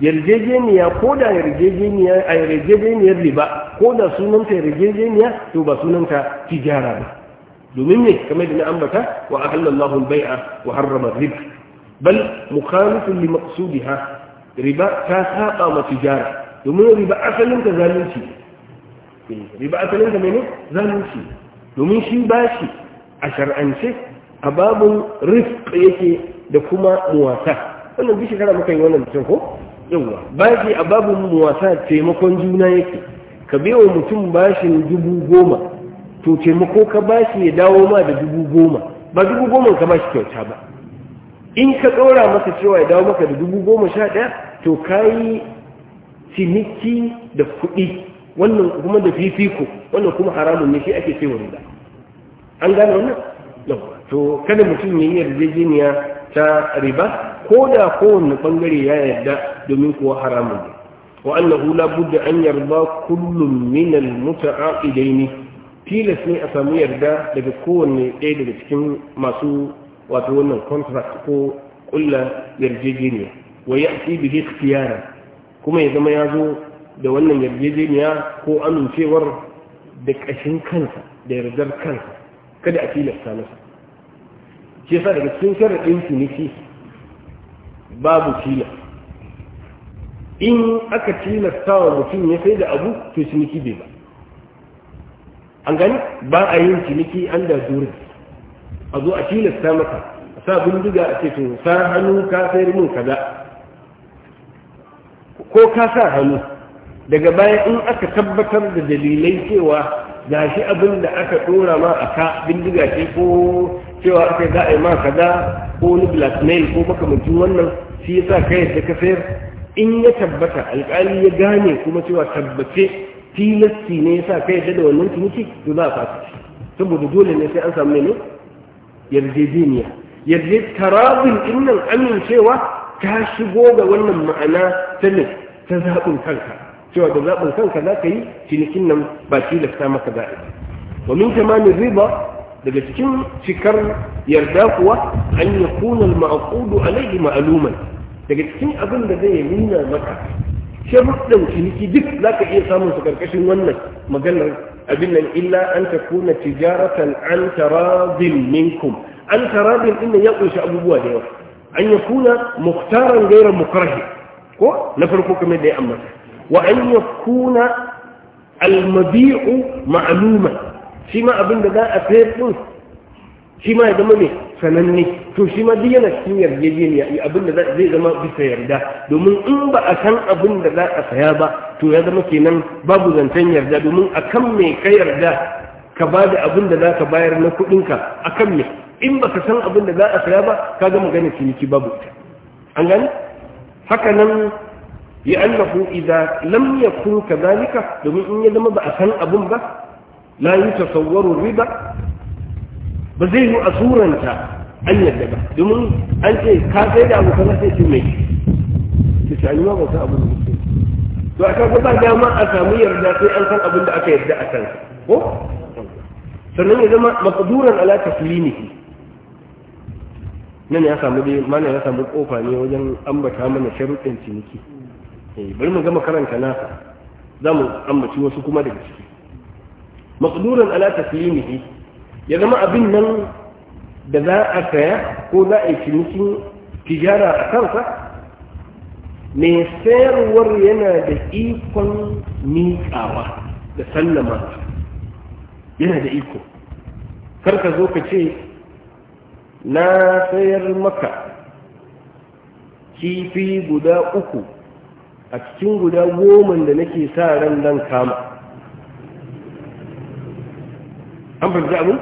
yarjejeniya ko da yarjejeniya a yarjejeniyar riba ko da sunanta yarjejeniya to ba sunanta tijara ba domin ne kamar da na ambata wa ahallallahu al-bai'a wa harrama riba bal mukhalifun li maqsudiha riba ta saba ma tijara domin riba asalin ka zalunci riba asalin ka mene zalunci domin shi bashi a shar'ance a babun rifq yake da kuma muwasa wannan bi shekara muka yi wannan mutum ko yawa bashi a babun muwasa taimakon juna yake ka biyo mutum bashin dubu goma to taimako ka bashi ya dawo ma da dubu goma ba dubu goma ka bashi kyauta ba in ka ɗora masa cewa ya dawo maka da dubu goma sha ɗaya to kai ciniki da kuɗi wannan kuma da fifiko wannan kuma haramun ne shi ake cewa riba an gane wannan to kada mutum ya yi yarjejeniya ta riba ko da kowanne bangare ya yarda domin kuwa haramun ne wa annahu la budda an yarda kullum min al muta'aqidaini tilas ne a sami yarda daga kowanne ɗaya daga cikin masu wato wannan contract ko ƙulla yarjejeniya wa ya'ti bihi ikhtiyara kuma ya zama ya zo da wannan yarjejeniya ko amincewar da kashin kansa da yardar kansa kada a tilasta masa shi yasa daga cikin sharaɗin ciniki babu tilas in aka tilasta wa mutum ya sai da abu to ciniki bai ba an gani ba a yin ciniki an da duri a zo a tilasta maka a sa bindiga a ce to sa hannu ka sayar mun kaza ko ka sa hannu daga baya in aka tabbatar da dalilai cewa ga shi abin da aka dora ma a ka bindiga ce ko cewa aka za a yi ma kaza ko wani blackmail ko makamancin wannan shi sa kai da ka sayar in ya tabbata alƙali ya gane kuma cewa tabbace tilasti ne sa kai da da wannan ciniki to za a fasa shi saboda dole ne sai an samu ne yarjejeniya yarje tarabin innan amincewa ta shigo ga wannan ma'ana ta ne ta zaɓin kanka cewa da zaɓin kanka za ka yi cinikin nan ba tilasta maka za a yi wa min tamamin riba daga cikin cikar yarda kuwa an ya kuna ma'akudu alaihi ma'aluman daga cikin abin da zai nuna maka sharuɗin ciniki duk za ka iya samun su ƙarƙashin wannan maganar abin nan illa an ta kuna tijaratan an tarabin minkum an tarabin inda ya ƙunshi abubuwa da yawa an ya kuna muktaran gairar mukarhi ko na farko kamar da ya ambata wa an kuna almabi'u ma'aluma shi ma abin da za a sayar din shi ma ya zama ne sananne to shi ma duk yana cikin yarjejeniya abin da zai zama bisa yarda domin in ba a san abin da za a saya ba to ya zama kenan babu zancen yarda domin a kan me ka yarda ka ba da abin da za ka bayar na kuɗinka A kan me in ba ka san abin da za a saya ba ka gama magana ciniki babu ita an gani haka nan ya annahu idza lam yakun kadhalika domin in ya zama ba a san abun ba la yutasawwaru riba ba zai yi a suranta an yadda ba domin an ce ka sai da abu kaza sai mai ta shani ma ba san abun da ke to a kaga ba dama a samu yarda sai an san abin da aka yarda a kansa ko sannan ya zama maqduran ala taslimihi nan ya samu dai mana ya samu kofa ne wajen ambata mana sharuɗin ciniki eh, bari mu gama karanta nasa za mu ambaci wasu kuma daga ciki maqduran ala taslimihi ya zama abin nan da za a saya ko za a yi cinikin tijara a kansa mai sayarwar yana da ikon miƙawa da sallama yana da iko Kar ka zo ka ce na sayar maka kifi guda uku a cikin guda goman da nake sa ran dan kama an fahimci abu?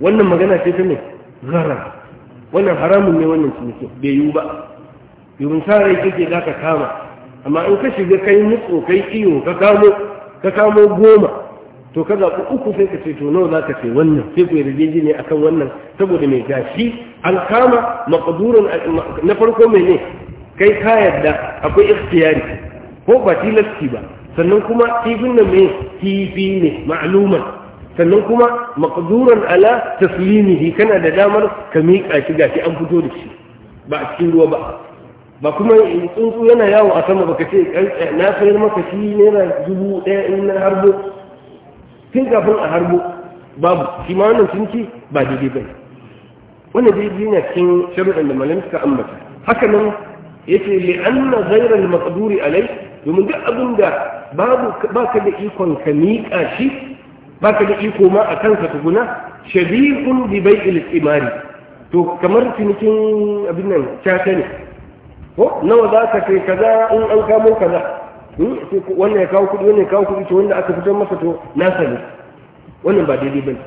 wannan magana ce ta ne zara. wannan haramun ne wannan cinikin bai yiwu ba yiwun sa rai kake za ka kama amma in ka shiga kai mutsokai kai iyo ka kamo ka kamo goma to ka zaɓi uku sai ka ce to nawa za ka ce wannan sai ku yarjeje ne akan wannan saboda mai gashi an kama maqdurun na farko mai ne kai ka yarda akwai ikhtiyari ko ba tilasti ba sannan kuma kifin nan mai kifi ne ma'luman sannan kuma maqduran ala taslimihi kana da damar ka miƙa shi gashi an fito da shi ba a cikin ruwa ba ba kuma tsuntsu yana yawo a sama ba ka ce eh, na sayar maka shi naira dubu ɗaya in na harbo tun kafin a harbo babu shi ma wannan sun ci ba daidai bai Wani daidai ne cikin sharuɗan da malam suka ambata haka nan yace li anna ghayra al maqduri alai domin duk abin da babu baka da ikon ka miƙa shi baka da iko ma a kansa tuguna shabihun bi bai'il imari to kamar cinikin abin nan cata ne ko nawa za ka kai kaza in an kamo kaza Hmm? wannan ya kawo kuɗi wannan ya kawo kuɗi to wanda aka fitar masa to na sani wannan ba daidai bane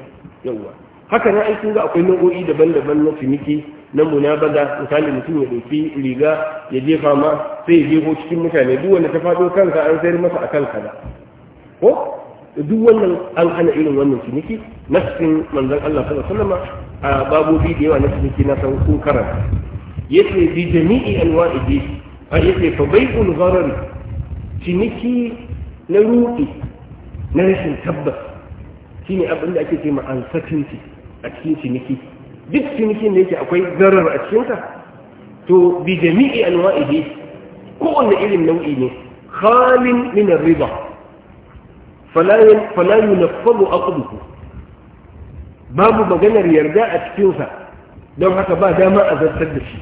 yawwa haka na aikin ga akwai nau'o'i daban-daban na ciniki na muna bada misali mutum ya ɗauki riga ya je fama sai ya je ko cikin mutane duk wanda ta faɗo kanka an sayar masa a kansa da ko duk wannan an hana irin wannan ciniki cikin manzan Allah sallallahu alaihi wasallam a babobi da yawa na ciniki na san kun karanta yace bi jami'i alwa'idi a yace fa bai'ul gharar ciniki na ruɗi na rashin tabbas shi ne abin da ake ce ma uncertainty a cikin ciniki duk cinikin da yake akwai zarar a cikinsa to bi jami'i anwa'ihi kowane irin nau'i ne khalin min riba na fala a aqduhu babu maganar yarda a cikinsa don haka ba dama a zartar da shi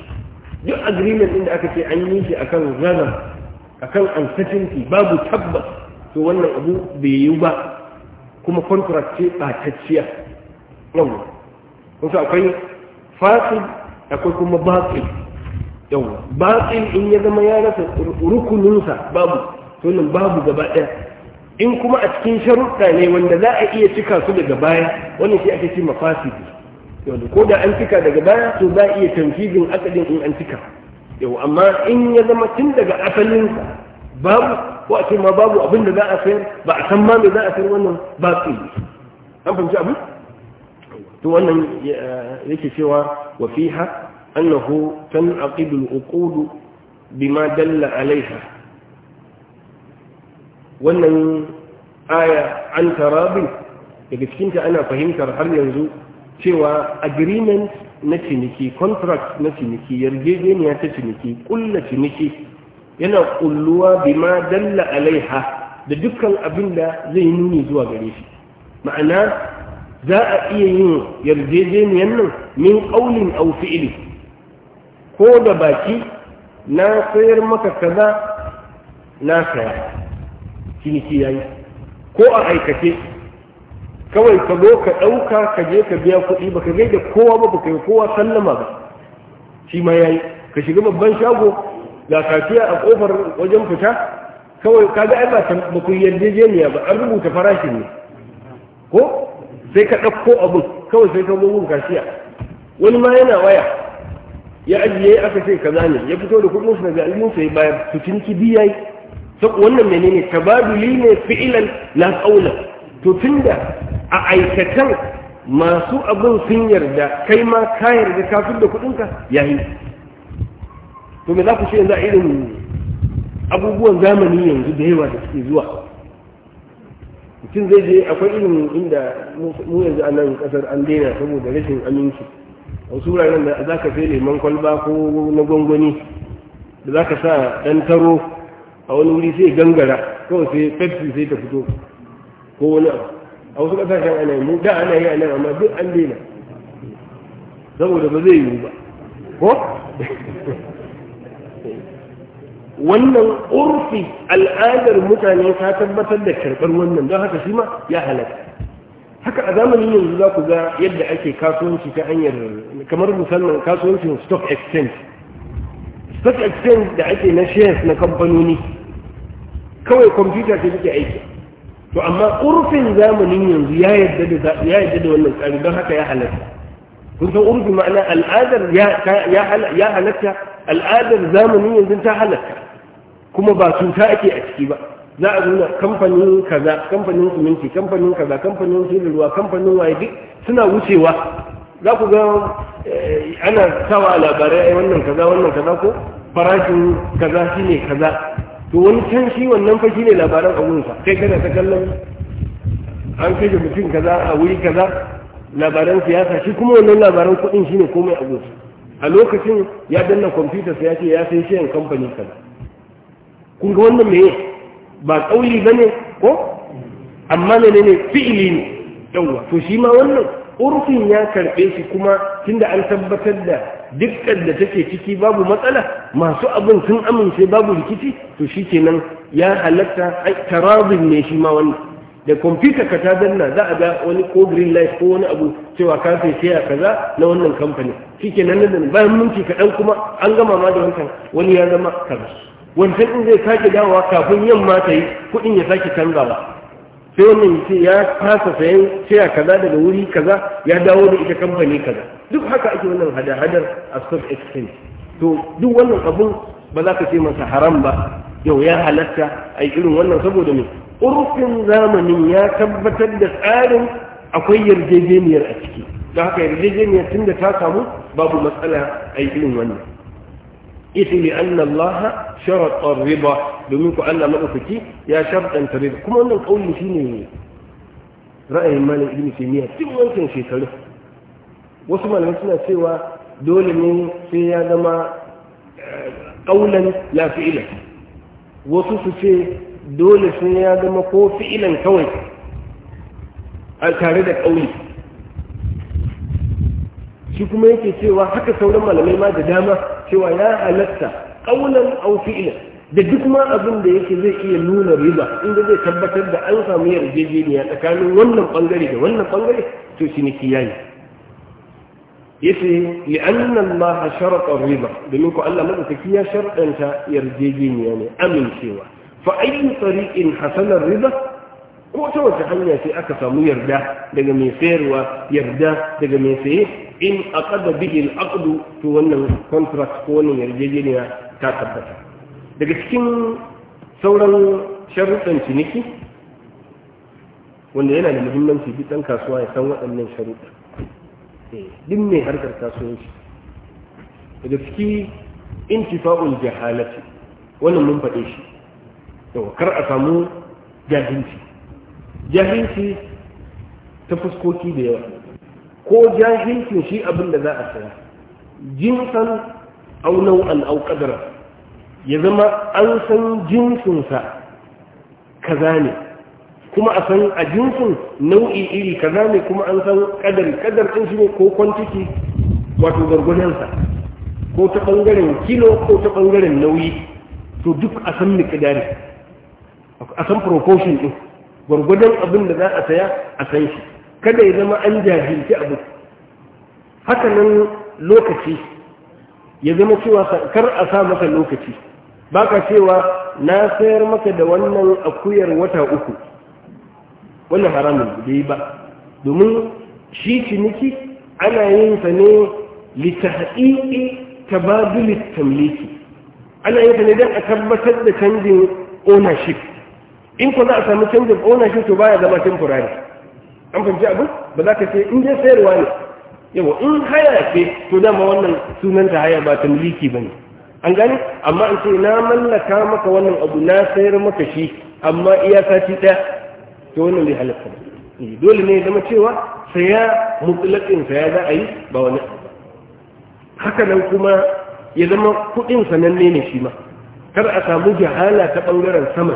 duk agreement din da aka ce an yi shi akan zarar akan uncertainty babu tabbas to wannan abu bai yi ba kuma contract ce batacciya yawa wasu akwai fasil akwai kuma batil yawa batil in ya zama ya rasa rukuninsa babu to nan babu gaba ɗaya in kuma a cikin sharuɗa ne wanda za a iya cika su daga baya wannan shi ake ce mafasidi yau ko da an cika daga baya to za a iya tamfizin akadin in an cika yau amma in ya zama tun daga asalinsa babu ko a ce ma babu abin da za a sayar ba a san ma me za a sayar wannan ba su yi an fahimci abu to wannan yake cewa wa fiha annahu tanqidu al-uqud bima dalla alaiha wannan aya an tarabi daga cikinta ana fahimtar har yanzu cewa agreement na ciniki contract na ciniki yarjejeniya ta ciniki kulla ciniki yana kulluwa bima dalla alaiha da dukkan abin da zai nuni zuwa gare shi ma'ana za a iya yin yarjejeniyan nan min qaulin aw fi'li ko da baki na sayar maka kaza na saya ciniki yayi ko a aikace kawai ka zo ka ɗauka ka je ka biya kuɗi ba ka gai da kowa ba ba yi kowa sallama ba shi ma ya yi ka shiga babban shago ga kafiya a ƙofar wajen fita kawai ka ga ai ba ba ku yarjejeniya ba an rubuta farashin ne ko sai ka ɗauko abu kawai sai ka zo kafiya wani ma yana waya ya ajiye aka ce kaza ne ya fito da kuɗin su daga aljihun sai bayar su biya yi wannan menene tabaduli ne fi'ilan la qawlan to tunda a aikatan masu abin sun yarda kai ma ka yarda kafin da kudinka yi. to me za ku ce yanzu a irin abubuwan zamani yanzu da yawa da suke zuwa mutum zai je akwai irin inda mu yanzu a nan kasar an daina saboda rashin aminci a wasu wuraren da za ka sai leman kwalba ko na gwangwani da za ka sa ɗan taro a wani wuri sai gangara kawai sai pepsi sai ta fito ko wani abu a wasu ƙasashen ana yi da ana yi a amma duk an daina saboda ba zai yiwu ba ko wannan urfi al'adar mutane ta tabbatar da karɓar wannan don haka shi ma ya halatta haka a zamanin yanzu za ku ga yadda ake kasuwanci ta hanyar kamar musamman kasuwancin stock exchange stock exchange da ake na shares na kamfanoni kawai kwamfuta ce take aiki to amma urfin zamanin yanzu ya yadda da wannan tsari don haka ya halatta kun san urfi ma'ana al'adar ya halatta al'adar zamanin yanzu ta halatta kuma ba cuta ake a ciki ba za a nuna kamfanin kaza kamfanin siminti kamfanin kaza kamfanin shirin ruwa kamfanin waye duk suna wucewa za ku ga eh, ana sawa labarai wannan kaza wannan kaza ko farashin kaza shine kaza to wani can shi wannan fa ne labaran abunsa kai kana ta kallon an da mutum kaza a wuri kaza labaran siyasa shi kuma wannan labaran kuɗin shine komai abunsa a lokacin ya danna kwamfutar sa ya ce ya sai shayan kamfani kaza kun ga wannan meye ba kauli bane ko amma menene fi'ili ne yawwa to shi ma wannan urfin ya karɓe shi kuma tunda an tabbatar da dukkan da take ciki babu matsala masu abin sun amince babu rikici to shikenan ya halatta tarabin ne shi ma wannan da kwamfuta ka ta danna za a ga wani ko green light ko wani abu cewa ka sai siya kaza na wannan kamfani shi kenan nan bayan minti kaɗan kuma an gama ma da wancan wani ya zama kaza wancan in zai sake dawowa kafin yamma ta yi kuɗin ya sake canzawa sai wannan ce ya kasa sayan shaya kaza daga wuri kaza ya dawo da ita kamfani kaza duk haka ake wannan hada-hadar a stock exchange to duk wannan abun ba za ka ce masa haram ba yau ya halatta a irin wannan saboda mai urfin zamanin ya tabbatar da tsarin akwai yarjejeniyar a ciki don haka yarjejeniyar tun da ta samu babu matsala a irin wannan ismi anna Allah sharaɗar riba domin ku Allah madaukaki ya sharaɗanta riba kuma wannan ƙauli shine ra'ayin malam ibn taymiya tun wancan shekaru wasu malamai suna cewa dole ne sai ya zama eh, ƙaunan la fi'ilan wasu su ce dole sai ya zama ko fi'ilan kawai a tare da ƙauye. shi kuma yake cewa haka sauran malamai ma da dama cewa ya halatta ƙaunan au da duk ma abin da yake zai iya nuna riba inda zai tabbatar da an samu yarjejeniya tsakanin wannan bangare da wannan bangare to shi ne kiyaye yace li anna Allah sharata riba domin ko Allah madaukaki ya sharɗanta yarjejeniya ne amincewa fa ayyu tariqin hasana riba ko ta wace hanya sai aka samu yarda daga mai sayarwa yarda daga mai saye in aqada bihi bihin aqd to wannan contract ko wannan yarjejeniya ta tabbata daga cikin sauran sharuɗan ciniki wanda yana da muhimmanci duk ɗan kasuwa ya san waɗannan sharuɗa eh, duk mai harkar kasuwanci daga ciki intifa'ul jahalati wannan mun faɗe shi yawa kar a samu jahilci jahilci ta fuskoki da yawa ko jahilcin shi abin da za a saya jinsan au nau'an au qadara ya zama an san jinsinsa kaza ne kuma a san a jinsin nau'i iri kaza ne kuma an san kadar kadar din shi ne ko kwantiki wato gargwadansa ko ta bangaren kilo ko ta bangaren nauyi to duk a san miqdari a san proportion din gwargwadon abin da za a saya a san shi kada ya zama an jahilci abu nan lokaci ya zama cewa kar a sa maka lokaci baka cewa na sayar maka da wannan akuyar wata uku wannan haramun yi ba domin shi ciniki ana yin sa ne litahqiqi tabadul tamliki ana yin sa ne dan a tabbatar da canjin ownership in ko za a samu canjin ownership to baya zama temporary an fahimci abin ba za ka ce in je sayarwa ne Yau in haya ce to dama wannan sunan ta haya ba ta miliki ba ne an gani amma in ce na mallaka maka wannan abu na sayar maka shi amma iya sati ɗaya to wannan zai halatta eh, dole ne zama cewa saya mutlaƙin saya za a yi ba wani haka nan kuma ya zama kuɗin sananne ne shi ma kar a samu jahala ta ɓangaren sama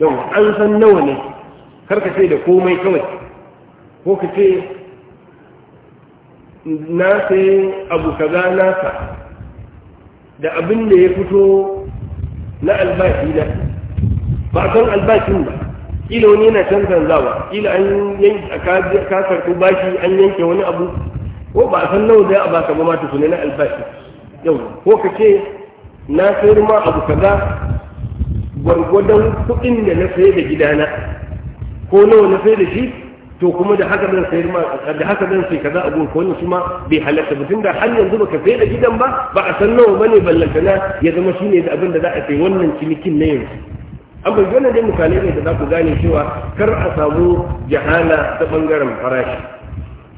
yau an san nawa ne karka ce da komai kawai ko ka ce na sai abu kaza nasa da abin da ya fito na albashi da ba san albashin ba ila wani yana can zanzawa ila an a kasar ko bashi an yanke wani abu ko ba san nawa zai a baka ba ma tukune na albashi yau ko ka ce na sayar ma abu kaza gwargwadon kuɗin da na sayar da gidana ko nawa na sai da shi to kuma da haka zan sayar ma da haka zan sai kaza a ko wani kuma bai halatta ba tunda har yanzu baka sai da gidan ba ba a san nawa bane ballantana ya zama shine da abin da za a sai wannan cinikin na yanzu an bai wannan dai ne da za ku gane cewa kar a samu jahala ta bangaren farashi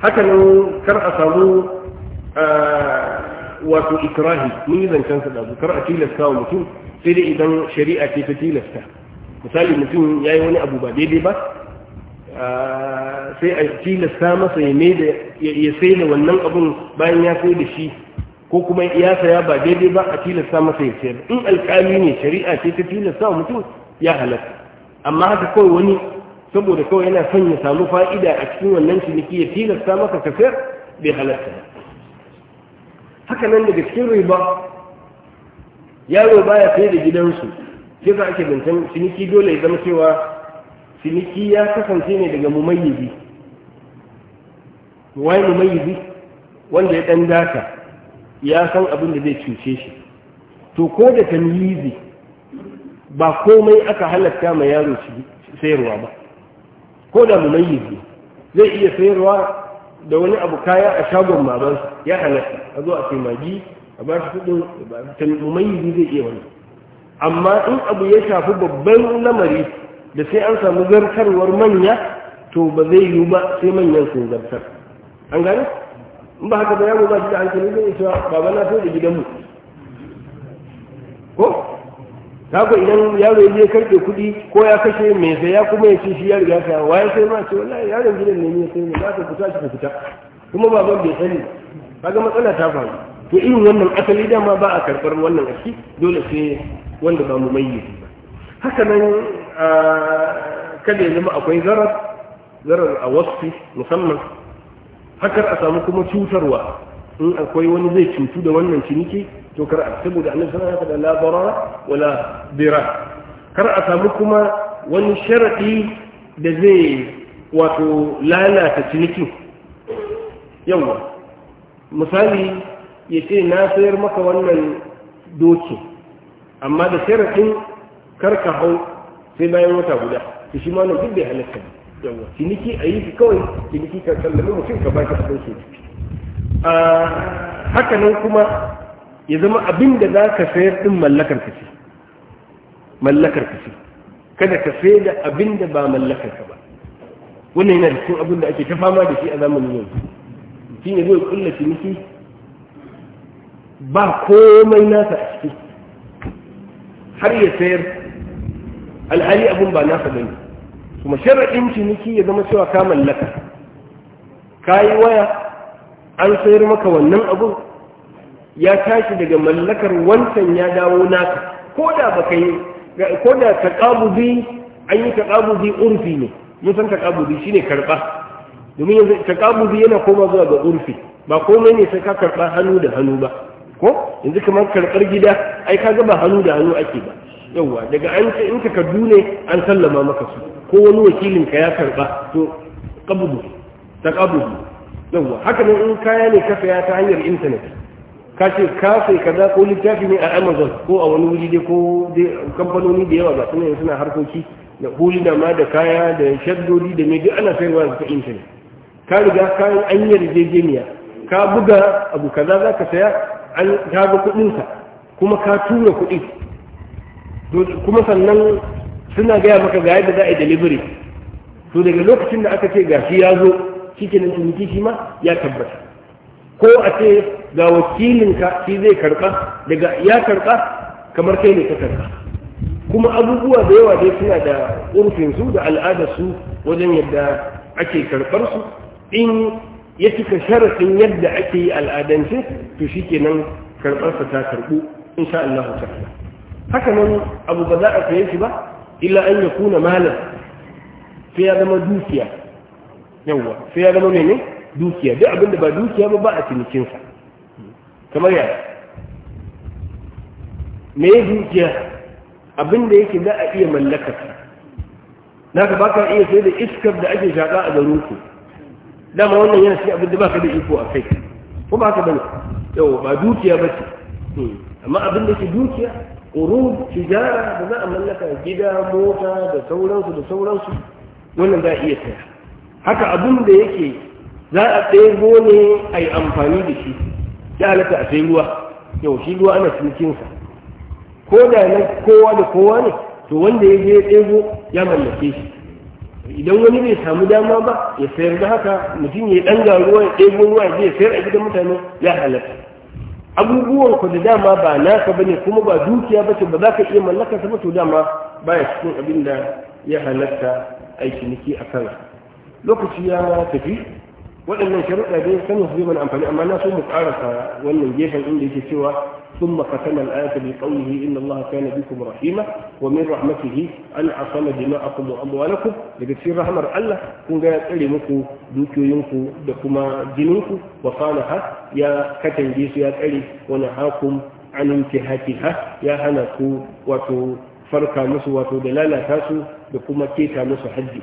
haka nan kar a samu eh, wato ikrahi mun yi zancen sa da kar a tilasta wa mutum sai dai idan shari'a ce ta tilasta misali mutum ya yi wani abu ba daidai ba sai a tilasta masa ya mai da ya sai da wannan abin bayan ya sai da shi ko kuma ya saya ba daidai ba a tilasta masa ya sayar in alkali ne shari'a ce ta tilasta wa mutum ya halatta amma haka kawai wani saboda kawai yana son ya samu fa'ida a cikin wannan ciniki ya tilasta masa ka sayar bai halatta haka nan daga cikin riba yaro baya sai da gidansu sai za ake bincin ciniki dole ya zama cewa ciniki ya kasance ne daga mumayyizi wai mumayyizi wanda ya dan ya san abin da zai cuce shi to ko da tamyizi ba komai aka halatta ma yaro sayarwa ba ko da mumayyizi zai iya sayarwa da wani abu kaya a shagon maban ya halatta a zo a sai magi a ba shi kudin mumayyizi zai iya wani amma in abu ya shafi babban lamari da sai an samu zartarwar manya to ba zai yiwu ba sai manyan sun zartar an gani in ba haka ba ba shi da hankali zai yi cewa baba na so da gidanmu ko haka idan yaro ya je kudi kuɗi ko ya kashe mai sai ya kuma ya ce shi ya riga ka waye sai ma ce wallahi yaron gidan ne ne sai ne za ka fita shi ka fita kuma baban bai sani kaga matsala ta faru to irin wannan asali dama ba a karɓar wannan aski dole sai wanda ba mu mayyiti haka nan kada ya zama akwai zarar zarar a wasu musamman hakar a samu kuma cutarwa in akwai wani zai cutu da wannan ciniki to kar a saboda annabi sallallahu alaihi wasallam la darara wala bira, kar a samu kuma wani sharadi da zai wato lalata cinikin yawa misali ya ce na sayar maka wannan doki amma da sharadin kar ka hau sai bayan wata guda to shi ma nan duk bai halatta ba yawa ciniki a yi kawai ciniki ka sallami mutum ka baki abin shi a ah, haka nan kuma ya zama abin da za ka sayar din mallakar ka ce mallakar ka ce kada ka sayar da abin da ba mallakar ka ba wannan yana da cikin abin da ake ta fama da shi a zamanin yau shi ne zai kulla ciniki ba komai nasa a ciki har ya sayar alhali abun ba nasa ne kuma sharaɗin ciniki ya zama cewa ka mallaka ka yi waya an sayar maka wannan abun ya tashi daga mallakar wancan ya dawo naka ko da ba ka yi ko da bi an yi bi urfi ne mun san shi ne karɓa domin yanzu bi yana koma zuwa ga urfi ba komai ne sai ka karɓa hannu da hannu ba ko yanzu kamar karɓar gida ai ka ga ba hannu da hannu ake ba yawa daga an in takardu ne an sallama maka su ko wani wakilin ka ya karba to qabudu ta qabudu yawa haka nan in kaya ne ka saya ta hanyar internet ka ce ka sai kaza ko littafi ne a Amazon ko a wani wuri dai ko dai kamfanoni da yawa ga sunan suna harkoki da da ma da kaya da shaddodi da mai duk ana sayarwa ta internet ka riga kayan an yarjejeniya ka buga abu kaza za ka saya an ka ga kuɗinsa kuma ka tura kuɗi kuma sannan suna gaya maka ga yadda za a yi delivery to daga lokacin da aka ce ga shi ya zo shi ke nan ciniki shi ma ya tabbata ko a ce ga wakilinka shi zai karɓa daga ya karɓa kamar kai ne ka karɓa kuma abubuwa da yawa dai suna da ƙurfinsu da al'adarsu wajen yadda ake karɓarsu in ya cika sharafin yadda ake yi al'adance to shi nan karɓarsa ta karɓu insha Allah ta'ala حكما أبو بداء فيسبة إلا أن يكون مالا في هذا ما دوسيا في هذا ما مني دوسيا دي أبن دبا دوسيا ببا أتي نكينسا كما يعني مي دوسيا أبن دي كدا أئي ملكة ناك باكا إيا سيدة إسكب دا أجي شاقاء دروسي دا ما وانا ينسي أبن دبا كدا يفو أفيك وما كبنا يوه ما دوسيا بس أما أبن دي دوسيا ƙurub tijara da za a mallaka gida mota da sauransu da sauransu wannan za a iya saya haka abin da yake za a ɗebo ne a yi amfani da shi ya halatta a sai ruwa yau shi ruwa ana cinikinsa ko da na kowa da kowa ne to wanda ya je ɗebo ya mallake shi idan wani bai samu dama ba ya sayar da haka mutum ya ɗanga ruwa ya ɗebo ruwa ya je sayar a gidan mutane ya halatta abubuwan ku da dama ba naka bane kuma ba dukiya bace ba zaka iya mallaka ta ba to dama baya cikin abin da ya halatta aiki niki a kan lokaci ya tafi waɗannan sharuɗa dai sanin su zai amfani amma na so mu ƙarasa wannan gefen inda yake cewa ثم ختم الآية بقوله إن الله كان بكم رحيما ومن رحمته أن عصم دماءكم وأموالكم لكثير رحمة الله كن جاء تعلمكم دوكيو ينكو دكما جنوكو وصالحة يا كتن جيسو يا تعلم ونهاكم عن انتهاكها يا هنكو وتو farka musu wato da lalata su da kuma keta musu haddi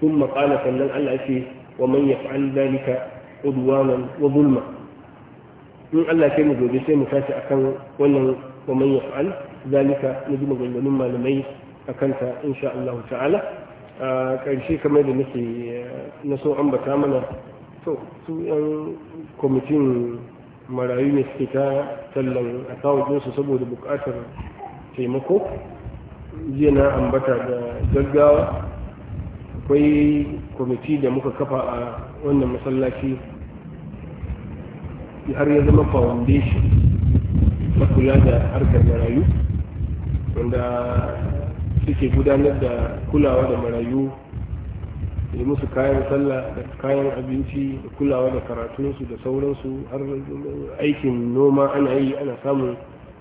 sun maƙala sannan Allah ce wa man yaf'al zalika udwanan wa zulma in Allah ke mu gobe sai mu tashi akan wannan wa man yaf'al zalika na ji maganganun malamai a kanta insha Allah ta'ala a ƙarshe kamar da nake eh, na so ambata mana to su yan kwamitin marayu ne suke ta tallan su saboda buƙatar taimako jiya na ambata da gaggawa akwai kwamiti da muka kafa a wannan masallaci har ya zama foundation na kula da harkar marayu wanda suke gudanar da kulawa da marayu da musu kayan sallah da kayan abinci da kulawa da karatunsu da sauransu har aikin noma ana yi ana samun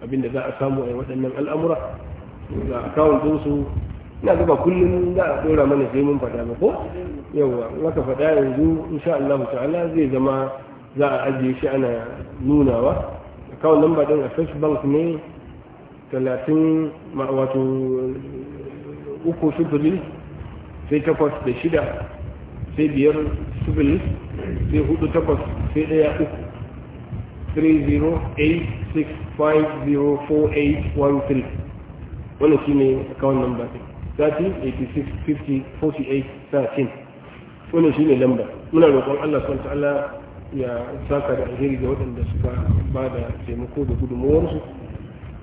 abin da za a samu a waɗannan al'amura ga akawuntunsu na zuba kullum za a ɗora mana sai mun faɗa ba ko yawa maka faɗa yanzu insha Allah ta'ala zai zama za a ajiye shi ana nunawa account number din a first bank ne 30 wato uku sufuri sai takwas da shida sai biyar sufuri sai hudu takwas sai daya uku 3086504813 wannan shi ne account number din 3086504813 wannan shi ne lamba muna roƙon Allah subhanahu ya saka da alheri ga waɗanda suka ba da taimako da gudunmuwarsu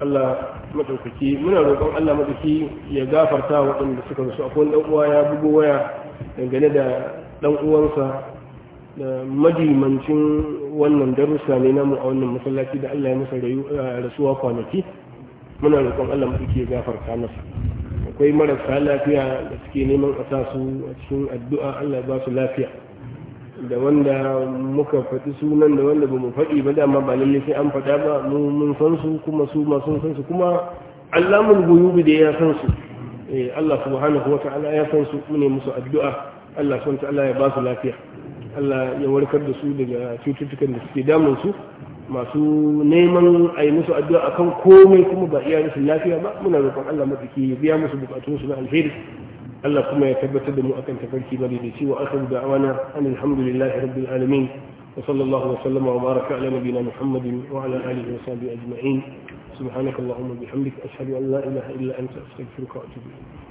Allah madaukaki muna roƙon Allah madaukaki ya gafarta waɗanda suka rasu akwai ɗan'uwa ya bugo waya dangane da ɗan'uwansa uwansa da majimancin wannan darussa ne namu a wannan masallaci da Allah ya masa eh, rasuwa kwanaki muna roƙon Allah madaukaki ya gafarta masa akwai marasa lafiya da suke neman a su a cikin addu'a Allah ba su lafiya da wanda muka faɗi sunan da wanda ba mu faɗi ba dama ba lalle sai an faɗa ba mu mun san su kuma su ma sun san su kuma allamul guyubi da ya san su eh, Allah subhanahu wa ta'ala ya san su ne musu addu'a Allah subhanahu wa ta'ala ya ba su lafiya Allah ya warkar da su daga cututtukan da suke damun su masu neman a musu addu'a akan komai kuma ba iya rashin lafiya ba muna roƙon Allah matsaki ya biya musu bukatun su na alheri Allah kuma ya tabbatar da mu akan tafarki bari da cewa akhiru ana alhamdulillahi rabbil alamin wa sallallahu wa sallama wa baraka ala nabiyyina Muhammadin wa ala alihi wa sahbihi ajma'in subhanakallahumma bihamdika ashhadu an la ilaha illa anta astaghfiruka wa atubu ilayk